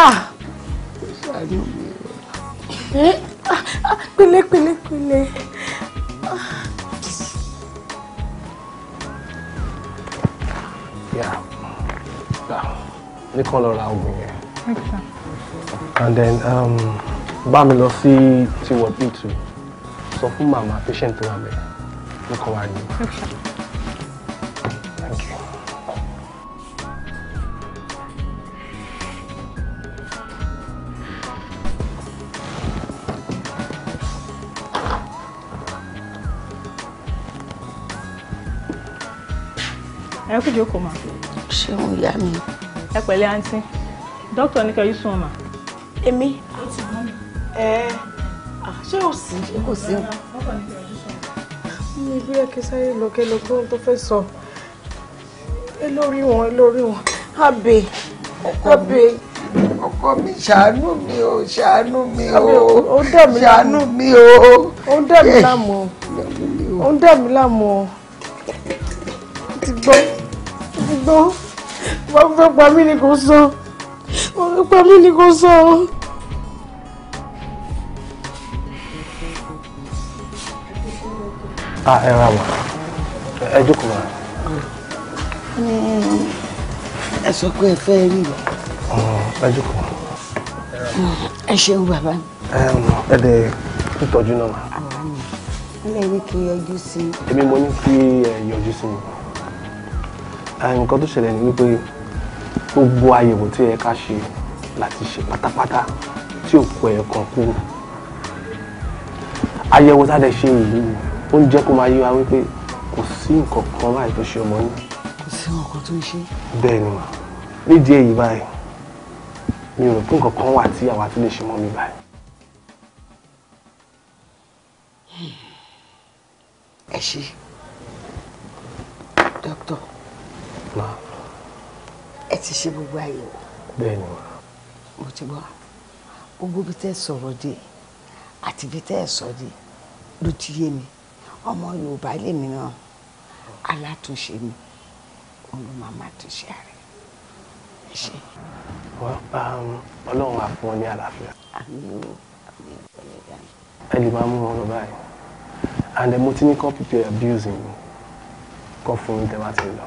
ah. ṣàánú mi pẹ̀lẹ́ yeah. pẹ̀lẹ́. Ah, ní kàn lọ ra oògùn yẹn and then um, bá mi lọ sí ti ward b two sọ fún màmá patient tó wà bẹ́ẹ̀ ní kàn wá yìí. Thank you. ẹ kú jókòó mà. ṣeun ìyá mi. ẹ pẹ̀lẹ́ àǹtí dókítà ní kẹ́yìn sùn mà. èmi ẹ ṣé ò sí kò sí. mi ìbílẹ̀ kí sáré lọ kẹ́ lọ gbọ́n tó fẹ́ sọ ẹ lórí wọn ẹ lórí wọn àbè àbè ọkọ mi ṣàánú mi o ṣàánú mi o ṣàánú mi o. ó ń dẹ̀ eh. mí láàmú ó ń dẹ̀ mí láàmú ó ti gbọ́ gbọ́ wọ́n fẹ́ pa mí ni kò sọ wọ́n fẹ́ pa mí ni kò sọ. a ah, ẹ ra wà ẹ jókòó wa. ẹ sọ pé ẹ fẹ́ rí wa. ẹ jókòó wa. ẹ ṣeun bàbá mi. ẹ dẹ̀ ń náà. ilé ìwé kì í yọjú sí i. èmi mo ní kí ẹ yọjú sí mi nǹkan tó ṣẹlẹ̀ ni wípé gbogbo àyẹ̀wò tí ẹ ká ṣe láti ṣe pátápátá tí ò kọ ẹ̀kan kúrò àyẹ̀wò tá a dẹ̀ ṣe yìí ó ń jẹ́ kó máa yé wa wípé kò sí nǹkan kan báyìí tó ṣe ọmọ yín. kò sí nǹkan tó ń ṣe. bẹ́ẹ̀ ni mà nídìí èyí báyìí mi ò rò pé nǹkan kan wà tí àwa ti lè ṣe mọ́ mi báyìí. ẹ ṣe dókítà ma. ẹ ti ṣe gbogbo àyẹ̀wò. bẹ́ẹ̀ ni ma. mo ti gbọ́ gbogbo bí tẹ́ sọ̀rọ̀ dé àti bí tẹ́ sọ dé ló ti yé mi ọmọ Yorùbá lèmi náà alátúnṣe mi òun ló máa máa túnṣe ààrẹ ẹ ṣe. wọ́n bá um, ọlọ́run àfún ọ ní àlàáfíà. àmì o àmì ìpẹ̀lẹ̀ ẹ lè máa mú wọn lọ báyìí and mo ti ní kọ́ pípẹ́ abusing kọ́ fún un tẹ́ bá ti lọ.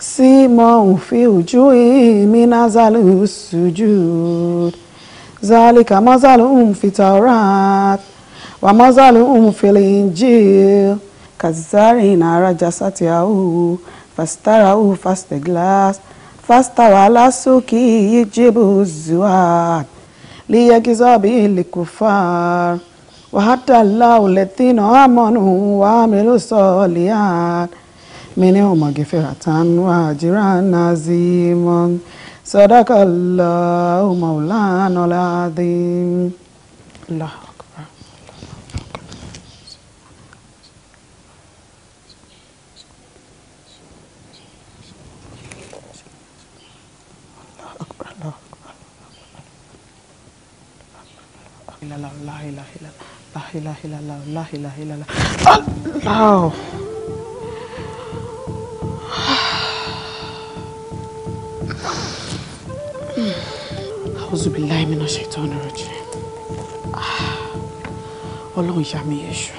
سيماهم في وجوههم من زالوا السجود ذلك مثلهم في التوراة ومثلهم في الإنجيل كالزارع أخرج شطأه فاستره فاستغلظ فاستوى على سوقه يجيب الزوال ليجز به الكفار وحتى الله الذين آمنوا وعملوا الصالحات يوم مغفرة وأجرا عظيما صدق الله مولانا العظيم الله لا لا لا لا لا لا لا لا لا لا لا لا لا لا لا لا لا لا A'udhu billahi minash shaitanir rajim. Ọlọ́run ìyá mi yẹ ṣù.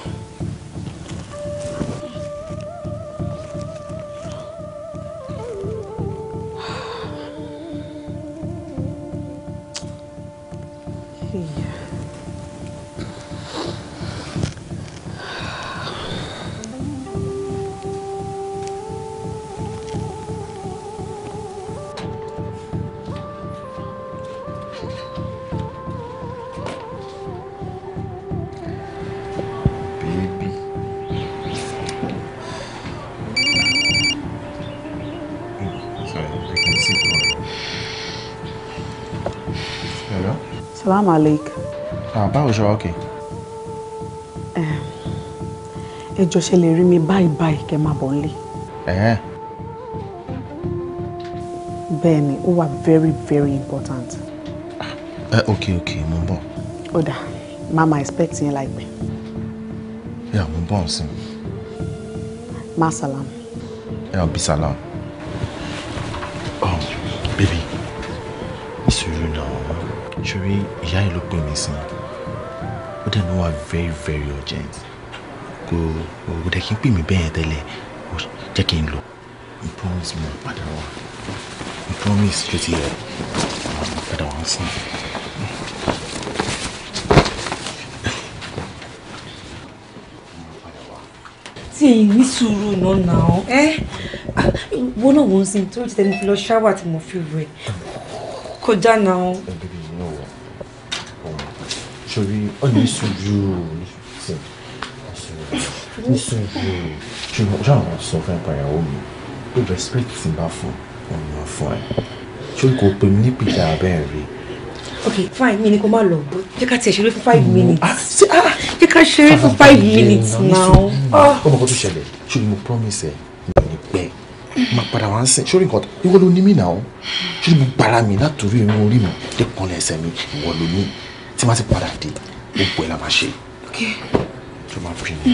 Salam Aleik. Báwo ṣe wá òkè? Ẹ jọ ṣe lè rí mi báyìí báyìí kẹ́ máa bọ̀ nílé. Bẹ́ẹ̀ ni, ó wà very very important. Ẹ ah, ok ok, mo ń bọ̀. Ó dà, màmá expect yín láìpẹ́. Yà mo ń bọ̀ ọ̀sìn. Má salam. Ẹ ọ̀ bí salam. very very urgent kò kò dẹ̀ kí n pè mí bẹ́ẹ̀ tẹ́lẹ̀ jẹ́ kí n lọ n promise mo padà wá n promise ṣe ti yẹ mo padà wá sí i. tí èyí ní sùúrù náà náà ẹ wọ́n náà wọ́n sin tó jẹ́ tẹ́lẹ̀ lọ ṣáwà tí mo fi rẹ̀ kọjá náà. ní sùúrù ní sùúrù ṣùgbọ́n ṣáà wọ́n sọ fún ẹ̀pà ìyàwó mi pé respect ti bá fún ọ̀nà fún ẹ̀ ṣé kò pè mí ní pìtà abẹ́ rí. ok fine mi ni kò má lọ bó jẹ́ ká tiẹ̀ ṣeré fún five minutes jẹ́ ká ṣeré fún five minutes now. ọmọ kan tó ṣẹlẹ̀ ṣùgbọ́n mo promise ẹ̀ mi ò ní pẹ́ ma padà wá ń sìn sórí nǹkan ìwọ ló ní mí náà sórí gbogbo ara mi látòrí irun orí mi lẹ́kànlẹ̀ ẹsẹ̀ mi ìwọ ló ní tí wọ́n ti padà dé gbogbo ẹ̀ la máa ṣe. tó máa fi ní.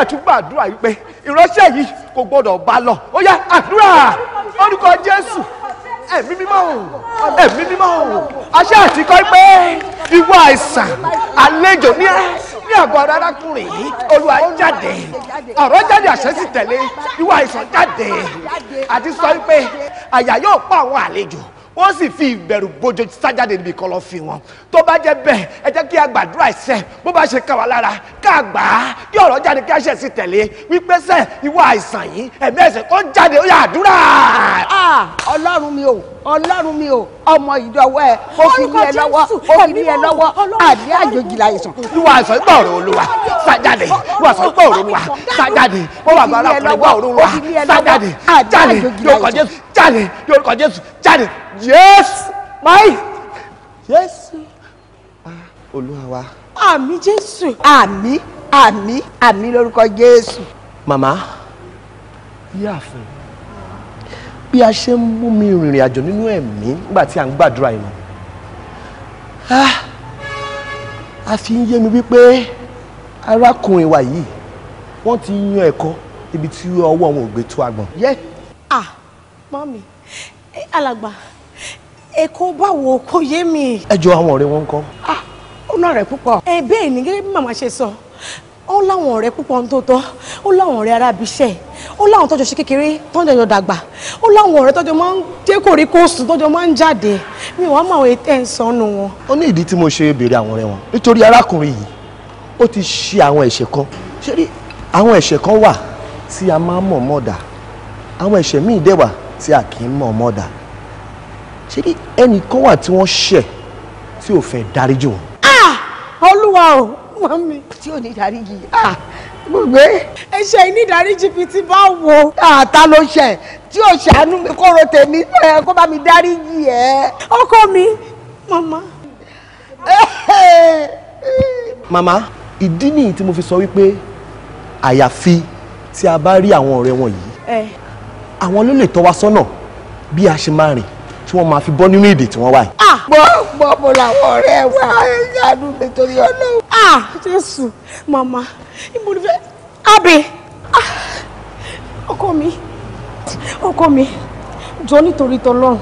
dẹ̀ tún gbàdúrà yìí pé ìránṣẹ́ yìí kò gbọ́dọ̀ bá lọ ó yá àdúrà orúkọ Jésù ẹ̀mí mímọ́ òun ẹ̀mí mímọ́ òun aṣẹ́ àtikọ́ pé ìwọ àìsàn àlejò ní ẹ ní àgọ́ arákùnrin yìí olúwa jáde ọ̀rọ̀ jáde àṣẹ sì tẹ̀lé ìwọ àìsàn jáde àti sọ pé àyà yóò pa àwọn àlejò ó sì fi ìbẹ̀rù bójó sájáde níbi kan lọ fi wọn tó bá jẹ́ bẹ́ẹ̀ ẹ jẹ́ kí a gbàdúrà ẹ̀ṣẹ̀ bó bá ṣe kà wá lára ká gbà á kí ọ̀rọ̀ jáde kí a ṣẹ̀ sí tẹ̀lé wípé sẹ́ ìwọ àìsàn yìí ẹ̀mí ẹ̀ṣẹ̀ kó jáde ó yá àdúrà. ọlọ́run mi ò ọlọ́run mi ò ọmọ ìdọ̀wọ́ ẹ ó fi ní ẹ lọ́wọ́ ó fi ní ẹ lọ́wọ́ àdé àjòjì láìsàn. ìwà àìsàn ìgbà ọ̀rọ̀ olúwa sájáde ìwà àìsàn ìgbà ọ̀rọ̀ olúwa sájáde ó wà bàrà ọ̀rọ̀ ìgbà ọ̀rọ̀ olúwa sájáde jáde yóò jésù jáde yóò jésù jáde Yes, my. Yes. Olúwa wa. Àmì Jésù. Àmì àmì àmì lórúkọ Jésù. Màmá, yáàfin, bí a ṣe ń mú mi rìnrìn àjò nínú ẹ̀mí nígbà tí à ń gbàdúrà ìmọ̀. Ah, a fi ń yé mi wípé arákùnrin wa yìí wọ́n ti yan ẹ̀kọ́ ibi tí ọwọ́ wọn ò gbé tó agbọ̀n. Yẹ́. Ah, mọ́mí, eh, alàgbà èkó báwo kò yé mi. ẹ jọ àwọn ọ̀rẹ́ wọn kọ́. Ah, ó ná ọ̀rẹ́ púpọ̀. ẹ bẹ́ẹ̀ ni gẹ́gẹ́ bí màmá ṣe sọ ó láwọn ọ̀rẹ́ púpọ̀ ń tó tọ́ ó láwọn ọ̀rẹ́ arábíṣẹ́ ó láwọn tọ́jọ́ ṣe kékeré tọ́jọ́ yọ dàgbà ó láwọn ọ̀rẹ́ tọ́jọ́ máa ń dé kòríkòsùn tọ́jọ́ máa ń jáde mi ò wá mọ àwọn ètè ń sọnù wọn. ó ní ìdí tí mo ṣe béèrè àwọn ọ̀rẹ́ wọn nítorí arákùnrin yìí ó ti ṣe àwọn ẹ̀ṣẹ̀ kan ṣé rí àwọn ẹ̀ṣẹ̀ kan wà tí a máa ń mọ̀ mọ́ dà àwọn ẹ̀ṣẹ̀ míì dẹ̀ wà tí a kì í mọ̀ mọ́ dà ṣé ẹnìkan wà tí wọ́n ṣẹ̀ tí ò fẹ́ dáríjì wọn. Ah! olúwa o mọ mi tí ò ní dáríjì ah! gbogbo ẹ̀ṣẹ̀ ìní dáríjì fi ti bá wo. Ah, ta ló ṣẹ̀ tí ò ṣàánú mi kóró tèmi kó bá mi dáríjì ẹ. ọkọ mi mama. mama ìdí nìyí tí mo fi sọ wípé àyàfi tí a bá rí àwọn ọ̀rẹ́ wọn yìí àwọn ló lè tọ́ wa sọ́nà bí a ṣe máa rìn tí wọ́n máa fi bọ́ nínú èdè tí wọ́n wà yìí. Ah! bọ́ bọ́ bọ́ làwọn ọ̀rẹ́ wa ẹ̀yáàdú mi torí ọlọ́run. Ah! jésù màmá ibo ni fẹ́ abẹ ah! ọkọ mi ọkọ mi jọ nítorí tọlọ́run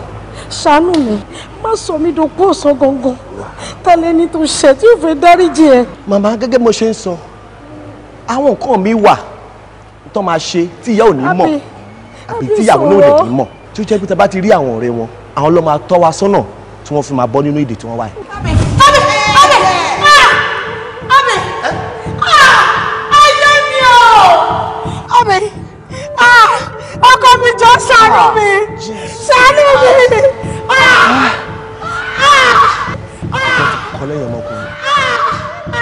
ṣàánú mi má sọ mí dopò ọ̀sán gangan ta lẹni tó ṣẹ̀ tí ò fẹ́ dáríjì ẹ. màmá gẹ́gẹ́ mo ṣe ń sọ àwọn nǹkan mi wà tó máa ṣe tí ìyá ò ní mọ̀ àbí tíyàwó ló lè ní mọ̀ tí jẹ́ pé tá a bá ti rí àwọn ọ̀rẹ́ wọn àwọn ló máa tọ́ wa sọ́nà tí wọ́n fi máa bọ́ nínú ìdè tí wọ́n wà yìí. Ah, ọkọ mi jọ ṣàánú mi ṣàánú mi. Ah, ah, kọlẹ́yìn ọmọkùnrin.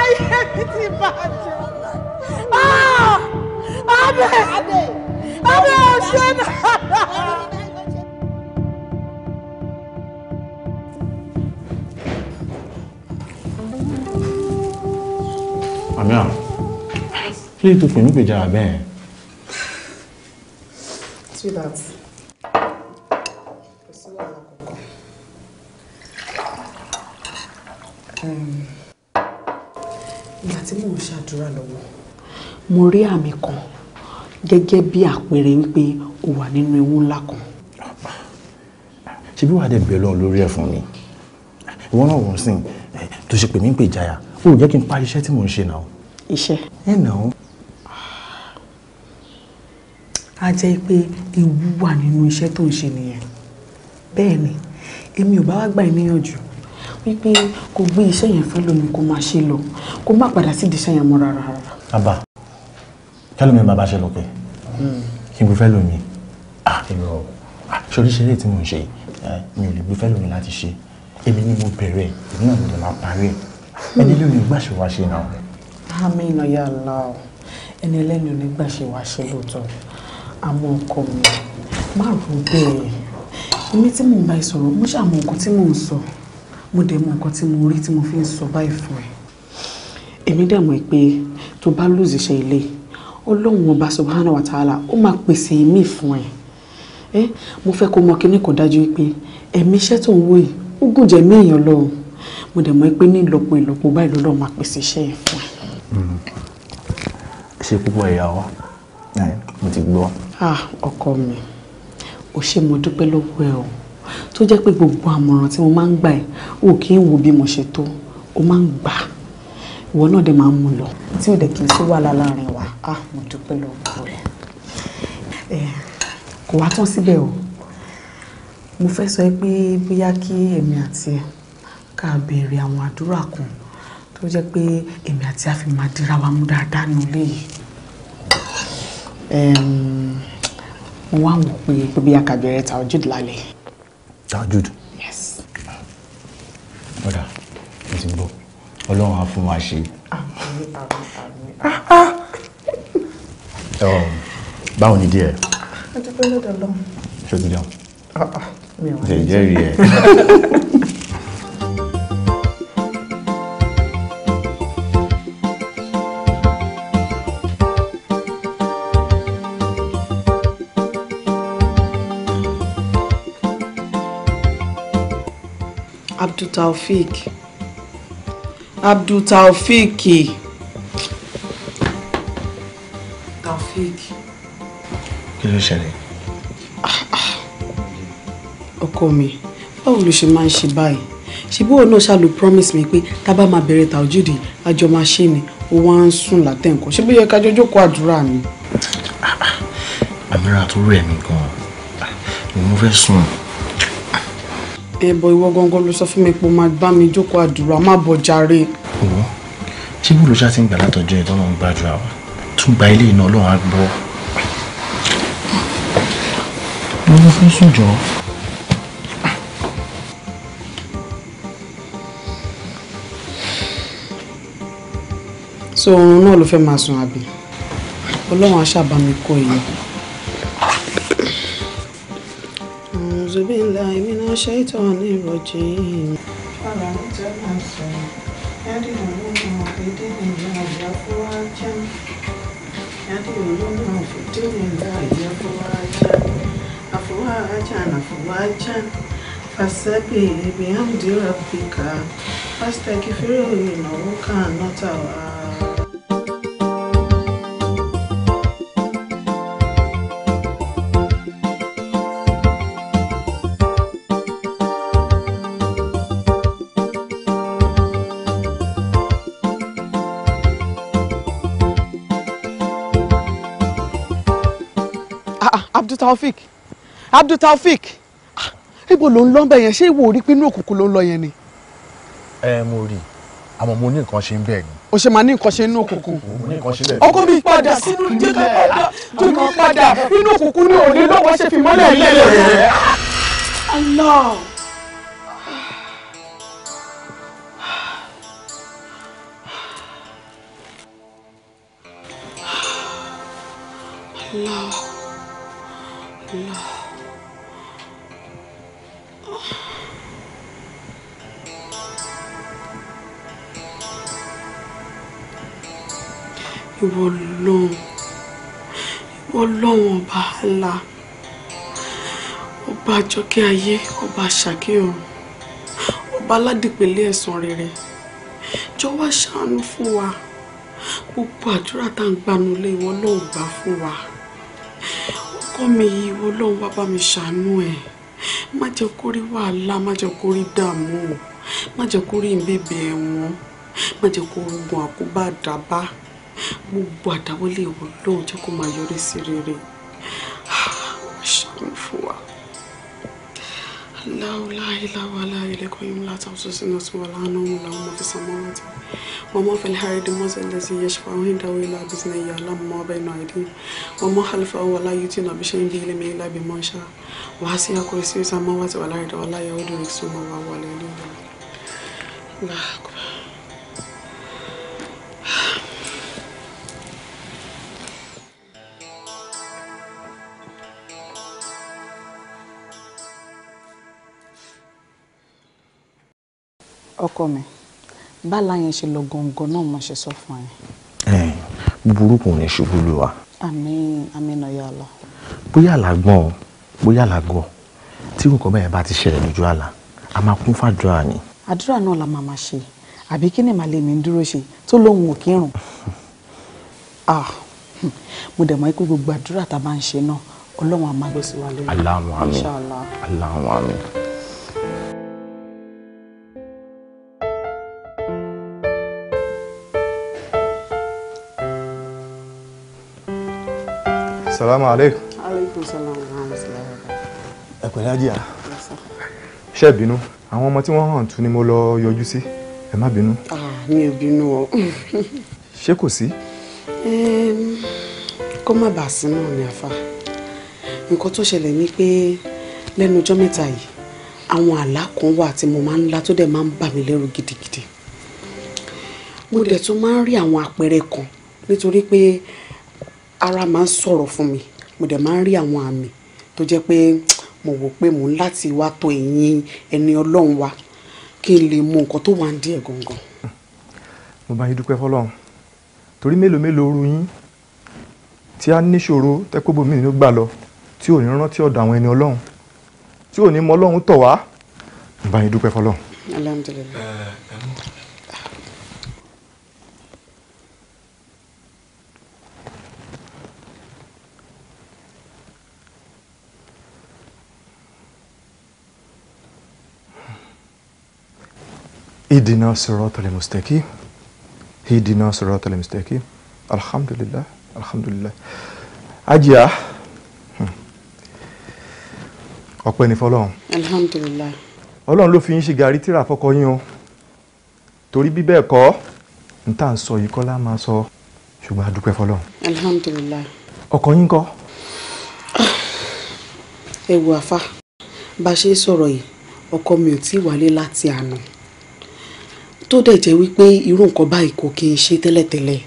ayé mi ti bàjẹ́. abẹ́ abẹ́. àmìlà kí lè tó pè mí pèjára bẹ́ẹ̀. sweetheart kò um, sí wàhálà kankan ìgbà tí mò ń ṣàdúrà lọ́wọ́ mo rí àmì kan gẹ́gẹ́ bí àpẹẹrẹ wípé o wà nínú ewu ńlá kan. ṣebí wàá dẹ̀ bẹ̀rẹ̀ lórí ẹ̀ fún mi ìwọ náà wọ́n sìn tó ṣe pè mí pèjára o jẹ́ kí n parí iṣẹ́ tí mò ń ṣe náà. iṣẹ́. ẹ náà. a jẹ́ pé ewu wà nínú iṣẹ́ tó ń ṣe nìyẹn bẹ́ẹ̀ ni èmi ò bá wá gbà níyànjú wípé kò gbé iṣẹ́ yẹn fẹ́ lómi kó máa ṣe lọ kó má padà sí ìdíṣẹ́ yẹn mọ́ rárá. àbá kálómi bàbá ṣe lọ pé hmm. kí n gbé fẹ́ lómi èrò ṣoríṣeré tí mò ń ṣe mi ò lè gbé fẹ́ lómi láti ṣe èmi ni mo bẹ̀rẹ̀ èmi náà mo lè máa parí ẹ̀ ẹni ló ní gbàṣẹ wá ṣe náà. àmì ìnáyà la ọ ẹni lẹ́nu ní gbàṣẹ wá ṣe lóòótọ́ àmọ́ ọkọ mi má rò bẹ́ẹ̀ èmi tí mò ń bá ẹ sọ̀rọ̀ mo ṣàmọ̀ nǹkan tí mò ń sọ mo dẹ̀ mọ̀ nǹkan tí mo rí tí mo fi ń sọ báyìí fún ẹ èmi dẹ̀ mọ̀ pé tó bá lùzì iṣẹ́ ilé ọlọ́run ọba subhanahu wa ta'ala ó máa pèsè èmi fún ẹ mo fẹ́ kó mọ kíní kan dájú pé ẹ̀mí iṣẹ́ tó ń wò yìí ó gùn jẹ́ mí èèyàn lọ́rùn mo dẹ̀ mọ̀ pé ní ìlọ́pọ̀ ìlọ́pọ̀ báyìí lọ́dọ̀ máa pèsè iṣẹ́ yẹn fún ẹ. ṣe púpọ̀ ìyàwó mo ti gbọ́. Ah, ọkọ mi ò ṣe mo dúpẹ́ lọ́wọ́ ẹ o tó jẹ́ pé gbogbo àmọ̀ràn tí mo máa ń gbà ẹ́ o kì í wo bí mo ṣe tó o máa ń gbà ìwọ náà dẹ̀ máa ń mú lọ tí ò dẹ̀ kì í sí wàhálà láàrin wa ah, mo dúpẹ́ lọ́wọ́ rẹ kò wá tán síbẹ̀ o mo fẹ́ sọ pé bóyá kí èmi àti ẹ̀ ká béèrè àwọn àdúrà kan tó jẹ́ pé èmi àti àfi máa dira wa mú dáadáa nílé yìí mo wá wò pé bí a tajud lálẹ́. tajud. yes. ọ̀dà mo ti gbọ́ ọlọ́run á fún wa ṣe. báwo ni díẹ̀. a lọ́dọ̀ lọ. ṣé o ti dáhùn. Ah, ah, mi ò wá ní jẹ́. ṣe jẹ́rìí ẹ̀. abdultaofik abdultaofik taofik. kí ló ṣẹlẹ̀. Ah, ah. ọkọ mi báwo ló ṣe máa ń ṣe báyìí ṣebí òun náà ṣàlù promise mi pé tá a bá máa bẹ̀rẹ̀ tàójúdì àjọ máa ṣe ni ó wá ń sùn látẹ̀kọ́ ṣé bí yẹ ká jọjọ́ kó àdúrà ni. Ah, àmì ra àtúrò ẹ̀mí gan-an mo fẹ́ sùn ẹbọ ìwọ gangan ló sọ fún mi pé máa bá mi jókòó àdúrà má bọ jàre. owó ṣé bùrù ṣá ti ń gbà látọjọ́ ìtọ́nà ń gbàdúrà wa tún gba ilé iná Ọlọ́run á gbọ́. mo ló fẹ́ sùn jọ. so oorun náà ló fẹ́ máa sùn àbí Ọlọ́run á ṣàbámi kọ èyí. الشيطان الرجيم فلم تمسوا يدعون بدين الله أفواجا يدعون بدين الله أفواجا أفواجا أفواجا فسبح بحمد ربك واستغفره إنه كان توابا Abdultaofik Abdultaofik ibo ah, ló ń lọ bẹ yẹn ṣé ìwọ rí pinnu òkùnkùn ló ń lọ yẹn ni. ẹ mo rí àmọ́ mo ní nǹkan ṣe ń bẹ ni. o ṣe máa ní nǹkan ṣe inú òkùnkùn. ọkọ mi padà sínú jíjẹ tóbi padà inú òkùnkùn ni òní lọ́wọ́ ṣe fi mọ́lẹ̀ lẹ́lẹ̀. Allah. ìwọ lọ́hùn ìwọ lọ́hùn ọba ńlá ọba àjọkẹ́ ayé ọba àṣàkẹ́ ọ̀run ọba aládìpẹ̀lẹ́ ẹ̀san rere jọ̀wọ́ ṣàánú fún wa gbogbo àdúrà tá à ń gbanu lé ìwọ lọ́hùn gbà fún wa ọkọ mi yìí ìwọ lọ́hùn wá bá mi ṣàánú ẹ̀ má jẹ́ kó rí wàhálà má jẹ́ kó rí dààmú má jẹ́ kó rí ìbẹ̀bẹ̀ ẹ̀wọ̀n má jẹ́ kó gun àkóbá àdábá mo gbọ́ àdáwọ́lé ìwọ lóhun jẹ́ kó máa yọrí sí rere ṣàkóso fún wa وما في الحرد موز الذي يشفع عنده إلا بإذنه يعلم ما بين أيديهم وما خلفه ولا يتين بشيء بعلمه إلا بما شاء وحسن كرسي السماوات والأرض ولا يعود رزقهما وهو العلي العظيم الله أكبر ọkọ mi bálá yẹn ṣe lọ gangan náà mo ṣe sọ fún ẹ. búburú kò ní ṣubú lù wá. àmín àmín ọ̀yà ọ̀la. bóyá làgbọ́n o bóyá làgọ̀ tí nǹkan bẹ́ẹ̀ bá ti ṣẹlẹ̀ lójú àlá a máa kún fàdúrà ni. àdúrà náà la máa máa ṣe àbí kí ni màlẹ́ mi ń dúró ṣe tó lóun ò kírun. Ah, hmm, mo dẹ̀ mọ́ pé gbogbo àdúrà tá a bá ń ṣe náà ọlọ́run á wa lórí. aláwọn àmín aláwọn àmín. salamu aleykum. aleykum salaam ẹ pẹ̀lẹ́ ajé a ṣe bínú àwọn ọmọ tí wọ́n hàn tún ni mo lọ yọjú sí ẹ má bínú. Ah, mi ò bínú o. ṣé kò sí. kó má bàa sínú ni àfa nǹkan tó ṣẹlẹ̀ ni pé lẹ́nu ọjọ́ mẹ́ta yìí àwọn àlá kan wà tí mo máa ń lá tó dẹ̀ máa ń bà mí lẹ́rù gidigidi mo dẹ̀ tún máa ń rí àwọn àpẹẹrẹ kan nítorí pé ara máa ń sọ̀rọ̀ fún mi mo dẹ̀ máa ń rí àwọn àmì tó jẹ́ pé mo wò pé mò ń láti wá tó ẹ̀yìn ẹni ọlọ́run wa kí n lè mọ nǹkan tó wà ń díẹ̀ gangan. mo bá yín dúpẹ́ fọlọ́run torí mélòó mélòó ru yín tí a níṣòro tẹ́kọ̀bù mi nínú gbà lọ tí ò ní rántí ọ̀dọ̀ àwọn ẹni ọlọ́run tí ò ní mọ ọlọ́run tọ̀ wá mo bá yín dúpẹ́ fọlọ́run. alhamdulilayi. اهدنا الصراط المستقيم اهدنا الصراط المستقيم الحمد لله الحمد لله ajá ọpẹ́ ni fọ́lọ́run alhamdulillah Ọlọ́run ló fi ń ṣe gàrí tíra fọkọ yín o torí bí bẹ́ẹ̀ kọ́ n tà ń sọ yìí kọ́ la máa sọ ṣùgbọ́n a dúpẹ́ fọ́lọ́run alhamdulillah ọkọ yín kọ́. ẹ wo àfa bá ṣe sọ̀rọ̀ yìí ọkọ mi ò tí ì wálé láti àná tó dẹ̀ jẹ́ wípé irú nǹkan báyìí kò kí n ṣe tẹ́lẹ̀tẹ́lẹ̀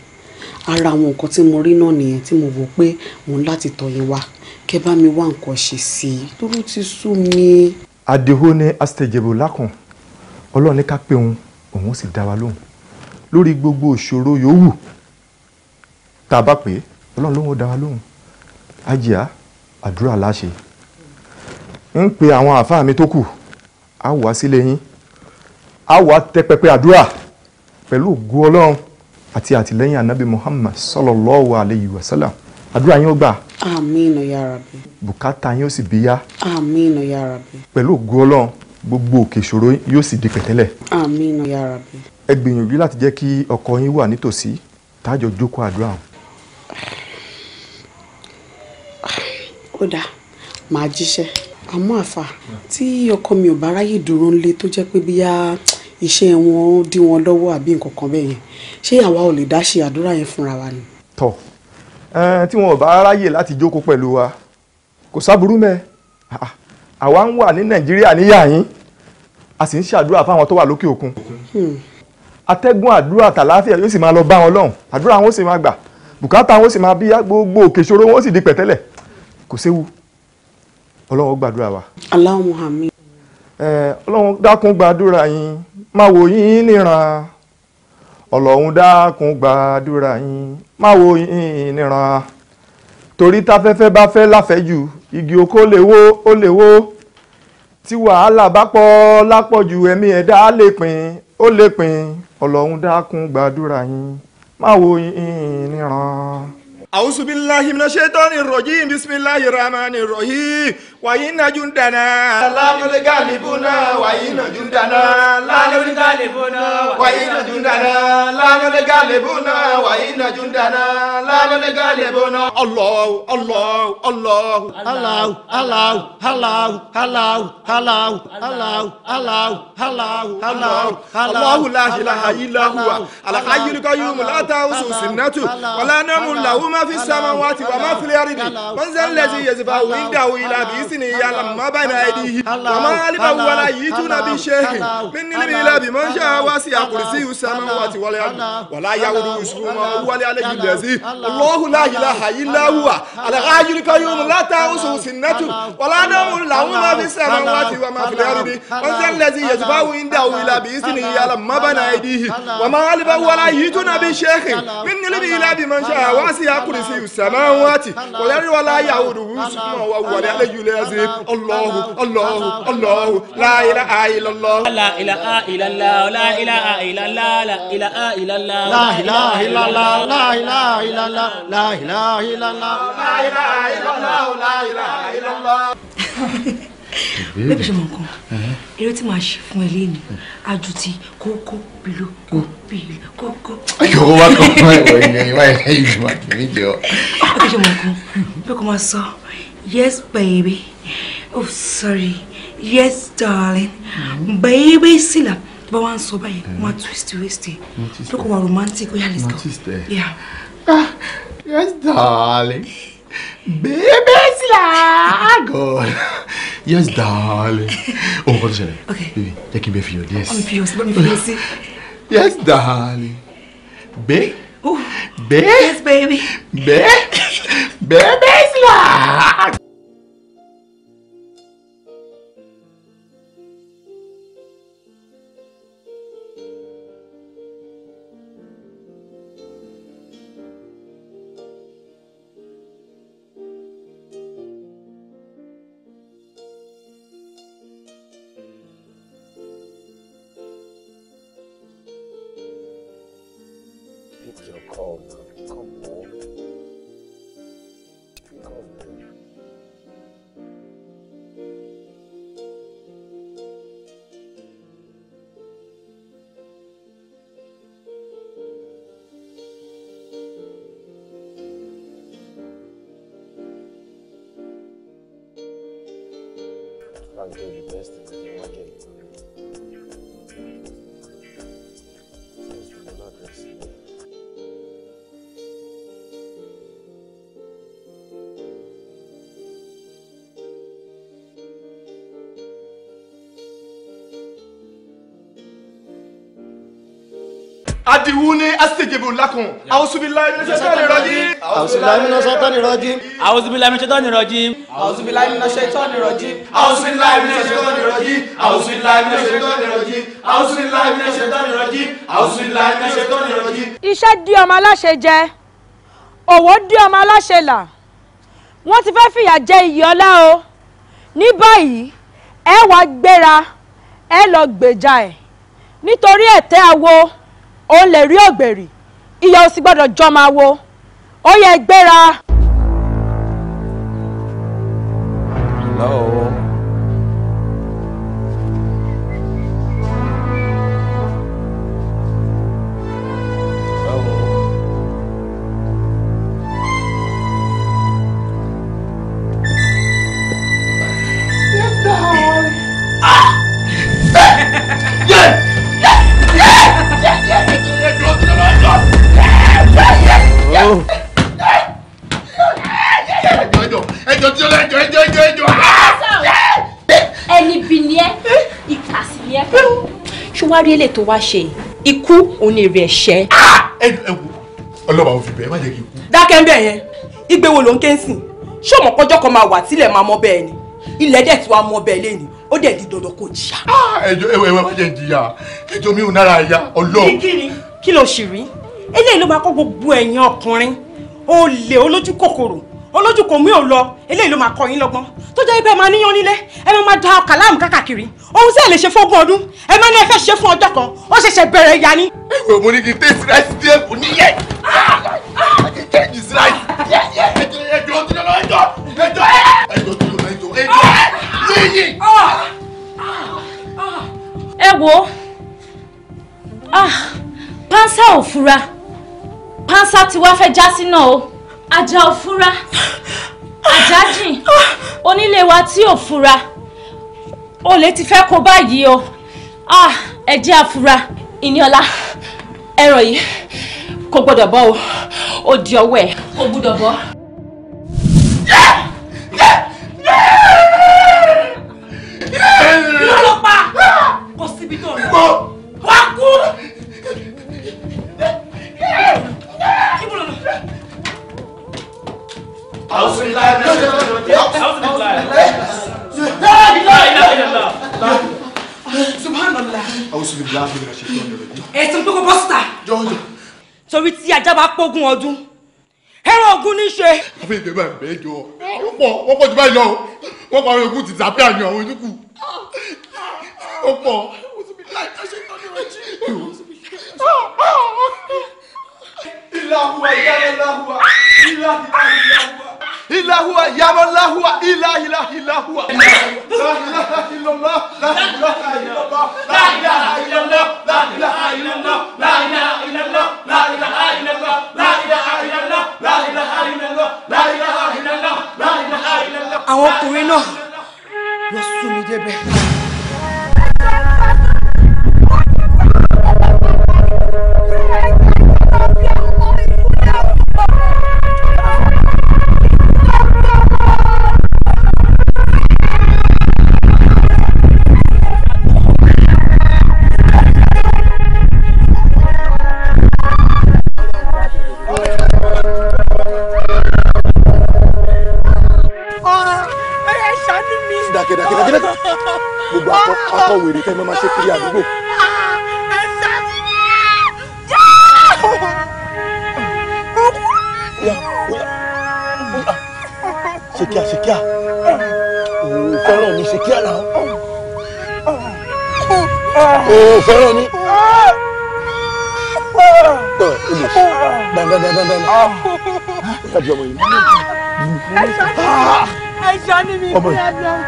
ara àwọn nǹkan tí mo rí náà nìyẹn tí mo wò pé mò ń láti tọ̀ yín wá kẹ́ bá mi wá nǹkan ṣe sí i dúró ti sú mi. àdéhùn ní astejebo lákàn ọlọ́run ní ká pé òun òun sì dá wa lóhùn lórí gbogbo ìṣòro yòówù tá a bá pè é ọlọ́run lóhùn ó dá wa lóhùn àjíà àdúrà láṣẹ ń pe àwọn àáfàá mi tó kù á wá sílé yín a wà tẹ pẹpẹ àdúrà pẹ̀lú ògo ọlọ́run àti àtìlẹ́yìn anabi muhammad sallallahu alayhi wa sallam àdúrà yín ó gbà. àmín ya rabbi. bùkátà yín ó sì bíyá. àmín ya rabbi. pẹ̀lú ògo ọlọ́run gbogbo òkè ìṣòro yóò sì di pẹ̀tẹ́lẹ̀. àmín ya rabbi. ẹ gbìyànjú láti jẹ́ kí ọkọ yín wà nítòsí tájọ jókòó àdúrà hàn. ó dáa màá jíṣẹ́ àmọ́ àfà tí ọkọ mi ò bá ráyè dúró ńlé tó jẹ́ pé bíyà. Ya iṣẹ́ wọn dí wọn lọ́wọ́ àbí nǹkan kan bẹ́ẹ̀ yẹn ṣé àwa ò lè dá ṣe àdúrà yẹn fúnra wa ni. tọ tí wọn ò bá ráyè láti jókòó pẹ̀lú wa kò sábúrú mẹ́ àwa ń wà ní nàìjíríà níyà yín a sì ń ṣàdúrà fáwọn tó wà lókè òkun hmm. atẹ́gùn àdúrà tàlàáfíà yóò sì máa lọ bá wọn lọ́hùn àdúrà wọn sì máa gbà bùkátà wọn sì máa bí gbogbo òkè ìṣòro wọn sì di pẹ̀tẹ́lẹ̀ kò séwu ọlọ́run gbàdúrà wa. aláwọ̀ àmín. ọlọ́run dákun gbàdúrà yín má wò yín níran ọlọ́run dákun gbàdúrà yín má wò fe níran torí táfẹ́fẹ́ bá fẹ́ láfẹ́jù igi oko lè wó ó lè wó tí wàhálà bá pọ̀ lápọ̀jù ẹ̀mí ẹ̀dá lè pin ó lè pin ọlọ́run dákun gbàdúrà yín má wò yín níran. أعوذ بالله من الشيطان الرجيم بسم الله الرحمن الرحيم وإن جندنا لا الغالبون وإن جندنا لا الغالبون وإن جندنا لا الغالبون وإن جندنا لا الغالبون الله الله الله الله الله الله الله الله الله الله الله الله الله لا إله إلا هو الحي القيوم لا تأخذه سنة ولا نوم له máa fi sàmà wá ti wà máa fi léyàrí ni wọ́n sẹ́ ń lẹ́sí yẹ̀sì bá wù ń dà wù ilà bí sì ni ìyá la màmá báyìí náà ẹni yìí wà máa alifa wù wàlá yìí tún nàbí ṣe mí nílí mi ilà bí mọ̀ ń ṣe wá sí àkùrìsí yìí sàmà wá ti wọlé àbí wàlá yàwó ni wùsùn mọ̀ ó wọlé alẹ́ yìí lẹ́sí Allahu la ilaha illa huwa al-hayyul qayyum látà oṣù sinatu wàlá la làwọn máa fi sàmà wá ti wà máa fi léyàrí ni wọ́n sẹ́ ń lẹ́sí yẹ̀sì bá wù ń dà wù ilà bí sì ni ìyá la màmá báyìí náà ẹni yìí wà máa alifa wù wàlá yìí tún nàbí ṣe mí nílí mi ilà bí mọ̀ ń ṣe wá sí àkùrìsí kurisi samawati wàlẹ́rì wàlẹ́ ayé àwòrán wùsùnmọ̀ wà wàlẹ́ alẹ́ yìí lẹ́yìn ṣe ọlọ́hu ọlọ́hu ọlọ́hu láìlá àìlọ́lọ́. láìlá àìlọ́lá láìlá àìlọ́lá láìlá àìlọ́lá láìlá àìlọ́lá láìlá àìlọ́lá láìlá àìlọ́lá láìlá àìlọ́lá láìlá àìlọ́lá. bébí ṣe mọ̀ nǹkan eré tí màá ṣe fún ẹ lẹ́nu àjù ti kókó bìlò bìlò kókó. yòówó wá kàn fún ẹ̀wọ̀ ìyẹn ìwà ìyẹn ìlú máa tẹ̀lé ọ. ó ṣe mọ̀ kún bí kò máa sọ yes baby oh sorry yes darling mm-hmm. baby sílà bá wá ń sọ báyìí wọ́n á mm-hmm. twist twist ẹ̀ kò wá romantic ó yà lè sọ. yes darling. Baby's la God. Yes, darling. Oh, what is it? Okay. Baby, take me for your this. I'm furious. Let me face it. Yes, darling. Be, Ooh. be, Yes, baby. be, Baby's la. adiwu ni asijibu lakun awusubilayi mina shetani rojim. awusubilayi mina shetani rojim. awusubilayi mina shetani rojim. awusubilayi mina shetani rojim. awusubilayi mina shetani rojim. awusubilayi mina shetani rojim. awusubilayi mina shetani rojim. awusubilayi mina shetani rojim. iṣẹ́ di ọmọ aláṣẹ jẹ òwò di ọmọ aláṣẹ là wọ́n ti fẹ́ fìyà jẹ iyì ọlá o ní báyìí ẹ wàá gbéra ẹ lọ gbèjà ẹ nítorí ẹ̀tẹ́ àwo òun lè rí ọ̀gbẹ̀rì ìyá ò sì gbọ́dọ̀ jọ máa wo ó yẹ gbéra. lọ́wọ́. sórí èlé tó wá ṣe ikú òun ni èrè ẹ̀ṣẹ̀. Ah! ẹ ẹ wo ọlọ́wà òfin bẹ́ẹ̀ má jẹ́ kí n kú. dákẹ́ ń bẹ̀ yẹn ìgbéwò ló ń ké sìn ṣé ọmọ kọjọ́ kan máa wà tílẹ̀ máa mọ bẹ́ẹ̀ ni ilẹ̀ dẹ̀ tí wàá mọ bẹ́ẹ̀ lé ni ó dẹ̀ di dandan kó jìyà. Ah! ẹjọ ẹwẹ ẹwẹ má jẹ́ n jìyà ẹjọ mi ò nára ya ọlọ. kí ló ṣì rí eléyìí ló máa kọ́ gbogbo ẹ̀yin ọkùnrin olè olójú kòkòrò olójú kò mí ò lọ eléyìí ló máa kọ́ yín lọ́gbọ́n tó jẹ́ ibẹ̀ máa níyàn nílé ẹ máa da ọkà láàmú káàkiri ohun tí ẹ lè ṣe fún ogún ọdún ẹ máa ní ẹ fẹ́ ṣe fún ọjọ́ kan ó ṣẹ̀ṣẹ̀ bẹ̀rẹ̀ ìyá ni. ìwé mo ní kí n tẹ́ sí ráìsì díẹ̀ kò ní yẹ kí n tẹ́ jù sí ráìsì díẹ̀ yẹ ẹjọ́ tó lọ ẹjọ́ ẹjọ́ ẹjọ́ tó lọ ẹjọ́ ẹjọ́ yíyí. ẹ wo pánsá ò fura pánsá tí wàá fẹ́ já sí náà o àjà ò fura àjà jìn onílé wa tí ò fura olè ti fẹ́ kó báyìí o ah, ẹ jẹ́ àfura ìníọlá ẹ̀rọ yìí kò gbọ́dọ̀ bọ́ o ó di ọwọ́ ẹ̀ kò gbọ́dọ̀ bọ́. أعوذ بالله من الشيطان أعوذ بالله لا إله إلا الله سبحان الله أعوذ بالله من الشيطان الرجيم ẹ̀sìn tó kọ bọ́sítà. jọjọ. torí tí ajá bá pógun ọdún ẹran ogun ní í ṣe. àbí ìgbẹ́ bá ń bẹ́ẹ̀ jọ wọ́n pọ̀ wọ́n pọ̀ jù báyìí lọ wọ́n pa àwọn ogun ti tàbí àyàn àwọn oníkù wọ́n pọ̀ ilahuwa yamalahuwa ilahilahilahuwa ilahuwa yamalahuwa ilahilahilahuwa lahilahilahuwa.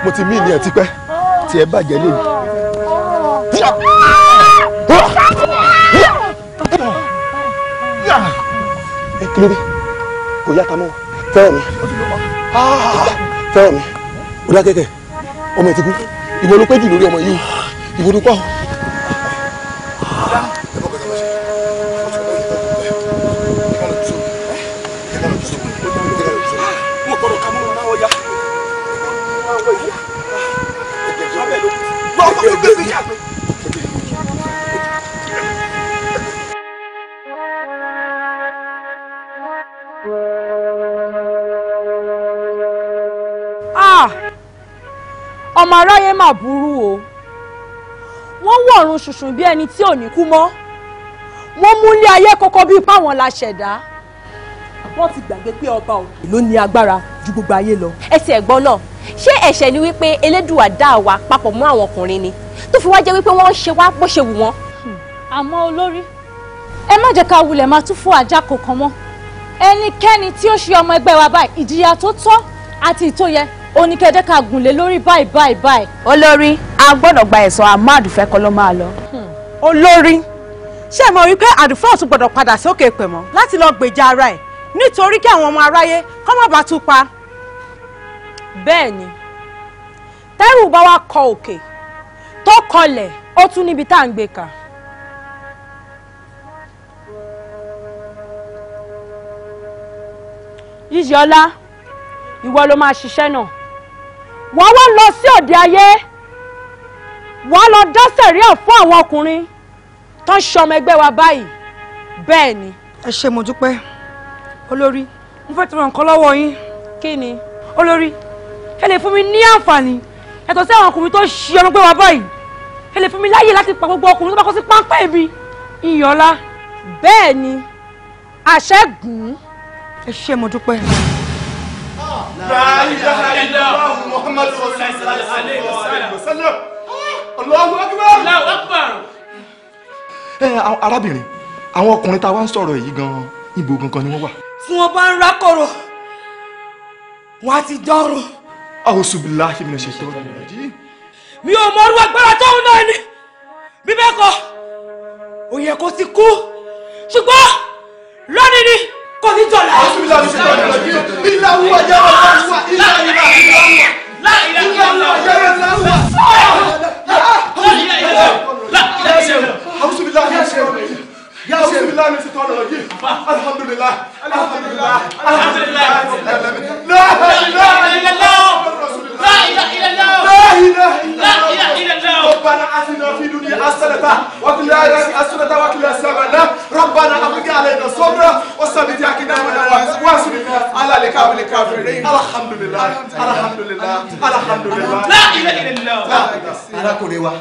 mo ti mí ní ẹ tipẹ́ tí ẹ bàjẹ́ lè mi. ẹ kí kò yá ta mọ́ fẹ́rẹ̀ mi ah! fẹ́rẹ̀ mi ọlákẹ́kẹ́ ọmọ ẹ ti ló pẹ́ jù lórí ọmọ yìí ìwọ ló pa ṣùṣùn bí ẹni tí ò ní kú mọ́ wọ́n mú ilé ayé kọ́kọ́ bíi páwọn la ṣẹ̀dá wọ́n ti gbàgbé pé ọba òkè ló ní agbára ju gbogbo ayé lọ. ẹ ti ẹ̀ gbọ́ náà ṣé ẹ̀ṣẹ̀ ni wípé elédùà dá wa papọ̀ mọ́ àwọn ọkùnrin ni tó fi wá jẹ́ wípé wọ́n ń ṣe wá bó ṣe wù wọ́n. Hmm. àmọ́ olórí ẹ má jẹ́ ká wulẹ̀ máa tún fún ajá kankan mọ́ ẹnikẹ́ni tí ó ṣe ọmọ ẹgbẹ́ wa báyìí ìjìyà tó tọ́ àti ìtó oníkẹ́dẹ́ ká gùnlé lórí báyìí báyìí báyìí. olórí a gbọ́dọ̀ gba ẹ̀sọ́ ahmad fẹ́ kọ́ ló máa lọ. Hmm. olórí ṣé ẹ mọ̀ wípé àdùfẹ́ ọ̀tún gbọ́dọ̀ padà sókè pẹ̀ mọ́ láti lọ gbèjà ara ẹ̀ nítorí kí àwọn ọmọ aráyé kọ́ má bàa tún pa. bẹ́ẹ̀ ni tẹ́rù bá wa kọ òkè tó kọlẹ̀ ó tún níbi tá à ń gbé kà. yíyí ọlá ìwọ ló máa ṣiṣẹ́ náà wọ́n wá lọ sí òde ayé wọ́n lọ dá sẹ̀ríà fún àwọn ọkùnrin tó ń ṣọmọ ẹgbẹ́ wa báyìí bẹ́ẹ̀ ni. ẹ ṣe mo dúpẹ́ olórí mo fẹ́ tọrọ nǹkan lọ́wọ́ yín. kí ni. olórí ẹ lè fún mi ní àǹfààní ẹ̀tọ́ sí àwọn ọkùnrin tó ń ṣe ọmọ ẹgbẹ́ wa báyìí ẹ lè fún mi láàyè láti pa gbogbo ọkùnrin tó bá kó sí páńpẹ́ mi ìyọ̀lá. bẹ́ẹ̀ ni àṣẹ gùn. ẹ ṣe mo dúpẹ́. لا إله إلا الله محمد رسول صلى الله عليه وسلم Allahu Akbar Allahu Akbar. ẹ arábìnrin àwọn ọkùnrin tá a wá ń sọ̀rọ̀ yìí gan-an ibo gangan ni wọ́n wà. tí wọ́n bá ń rákọ̀rọ̀ wọ́n á ti dọ́rùn. A'udhu billahi minash shaitonir rajim. mi ò mọ orúkọ agbára tóun náà ni bí bẹ́ẹ̀ kọ́ ó ti kú ṣùgbọ́n lónìí ni kò ní jọlá. ọsibítà ló ṣe tọ́jú lọ yìí ilé awú ọjọ́ wà láwùwà ilé ayélujára ilé awúwà. láìlá ilé awú ọjọ́ wà láwùwà. láìlá ilé awú ọjọ́ wà láwùwà. Ya bisimilahi ni sitọ nana ji. Alihamdulilayi. Alihamdulilayi. Alihamdulilayi. Lahi lahi lahi lahi lahi. ربنا آتنا في الدنيا حسنة وفي الآخرة حسنة وقنا عذاب النار ربنا أفرغ علينا صبرا وثبت أقدامنا وانصرنا على القوم الكافرين الحمد لله الحمد لله الحمد لله لا إله إلا الله arákùnrin wa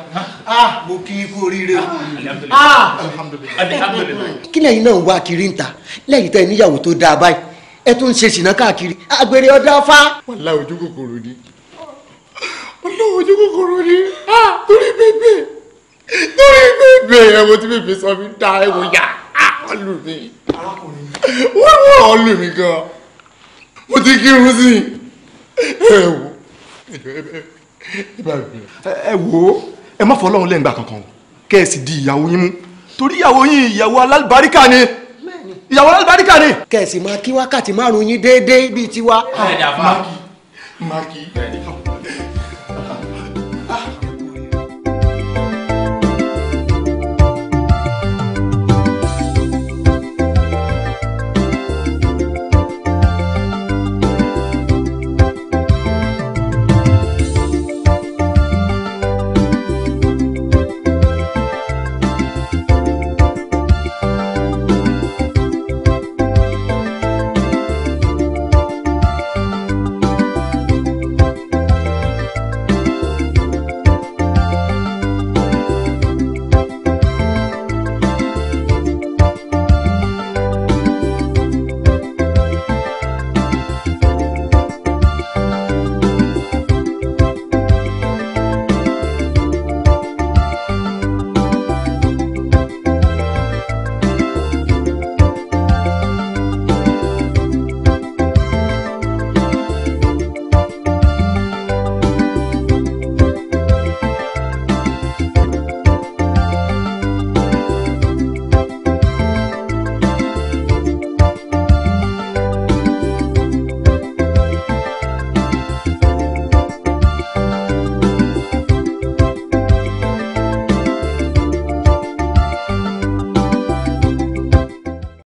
mo kí i kú oríire alhamdulilayi alhamdulilayi. kí lẹ́yìn náà ń wá kiri ń ta lẹ́yìn tẹ́ níyàwó tó dáa báyìí ẹ tún ń ṣe ṣìnà káàkiri àgbèrè ọ̀dà fa. wàlá ojú kòkòrò ni wàlá ojú kòkòrò ni torí bèbè torí bèbè ẹ̀wọ̀n tí bèbè sọ mi dá ẹ̀wọ̀n yá wọ́n lù mí wọ́n wọ́n lù mí gan mo ti kírun sí ẹ̀wọ̀n ẹ wo ẹ má fọ ọlọ́run lẹ́ǹgbà kankan kẹ́ ẹ sì di ìyàwó yín mú torí ìyàwó yín ìyàwó alálùbáríkà ni ìyàwó alálùbáríkà ni. kẹ̀sì máa kí wákàtí márùn-ún yín déédéé bíi tiwa. bẹ́ẹ̀ni àfa máa kí máa kí.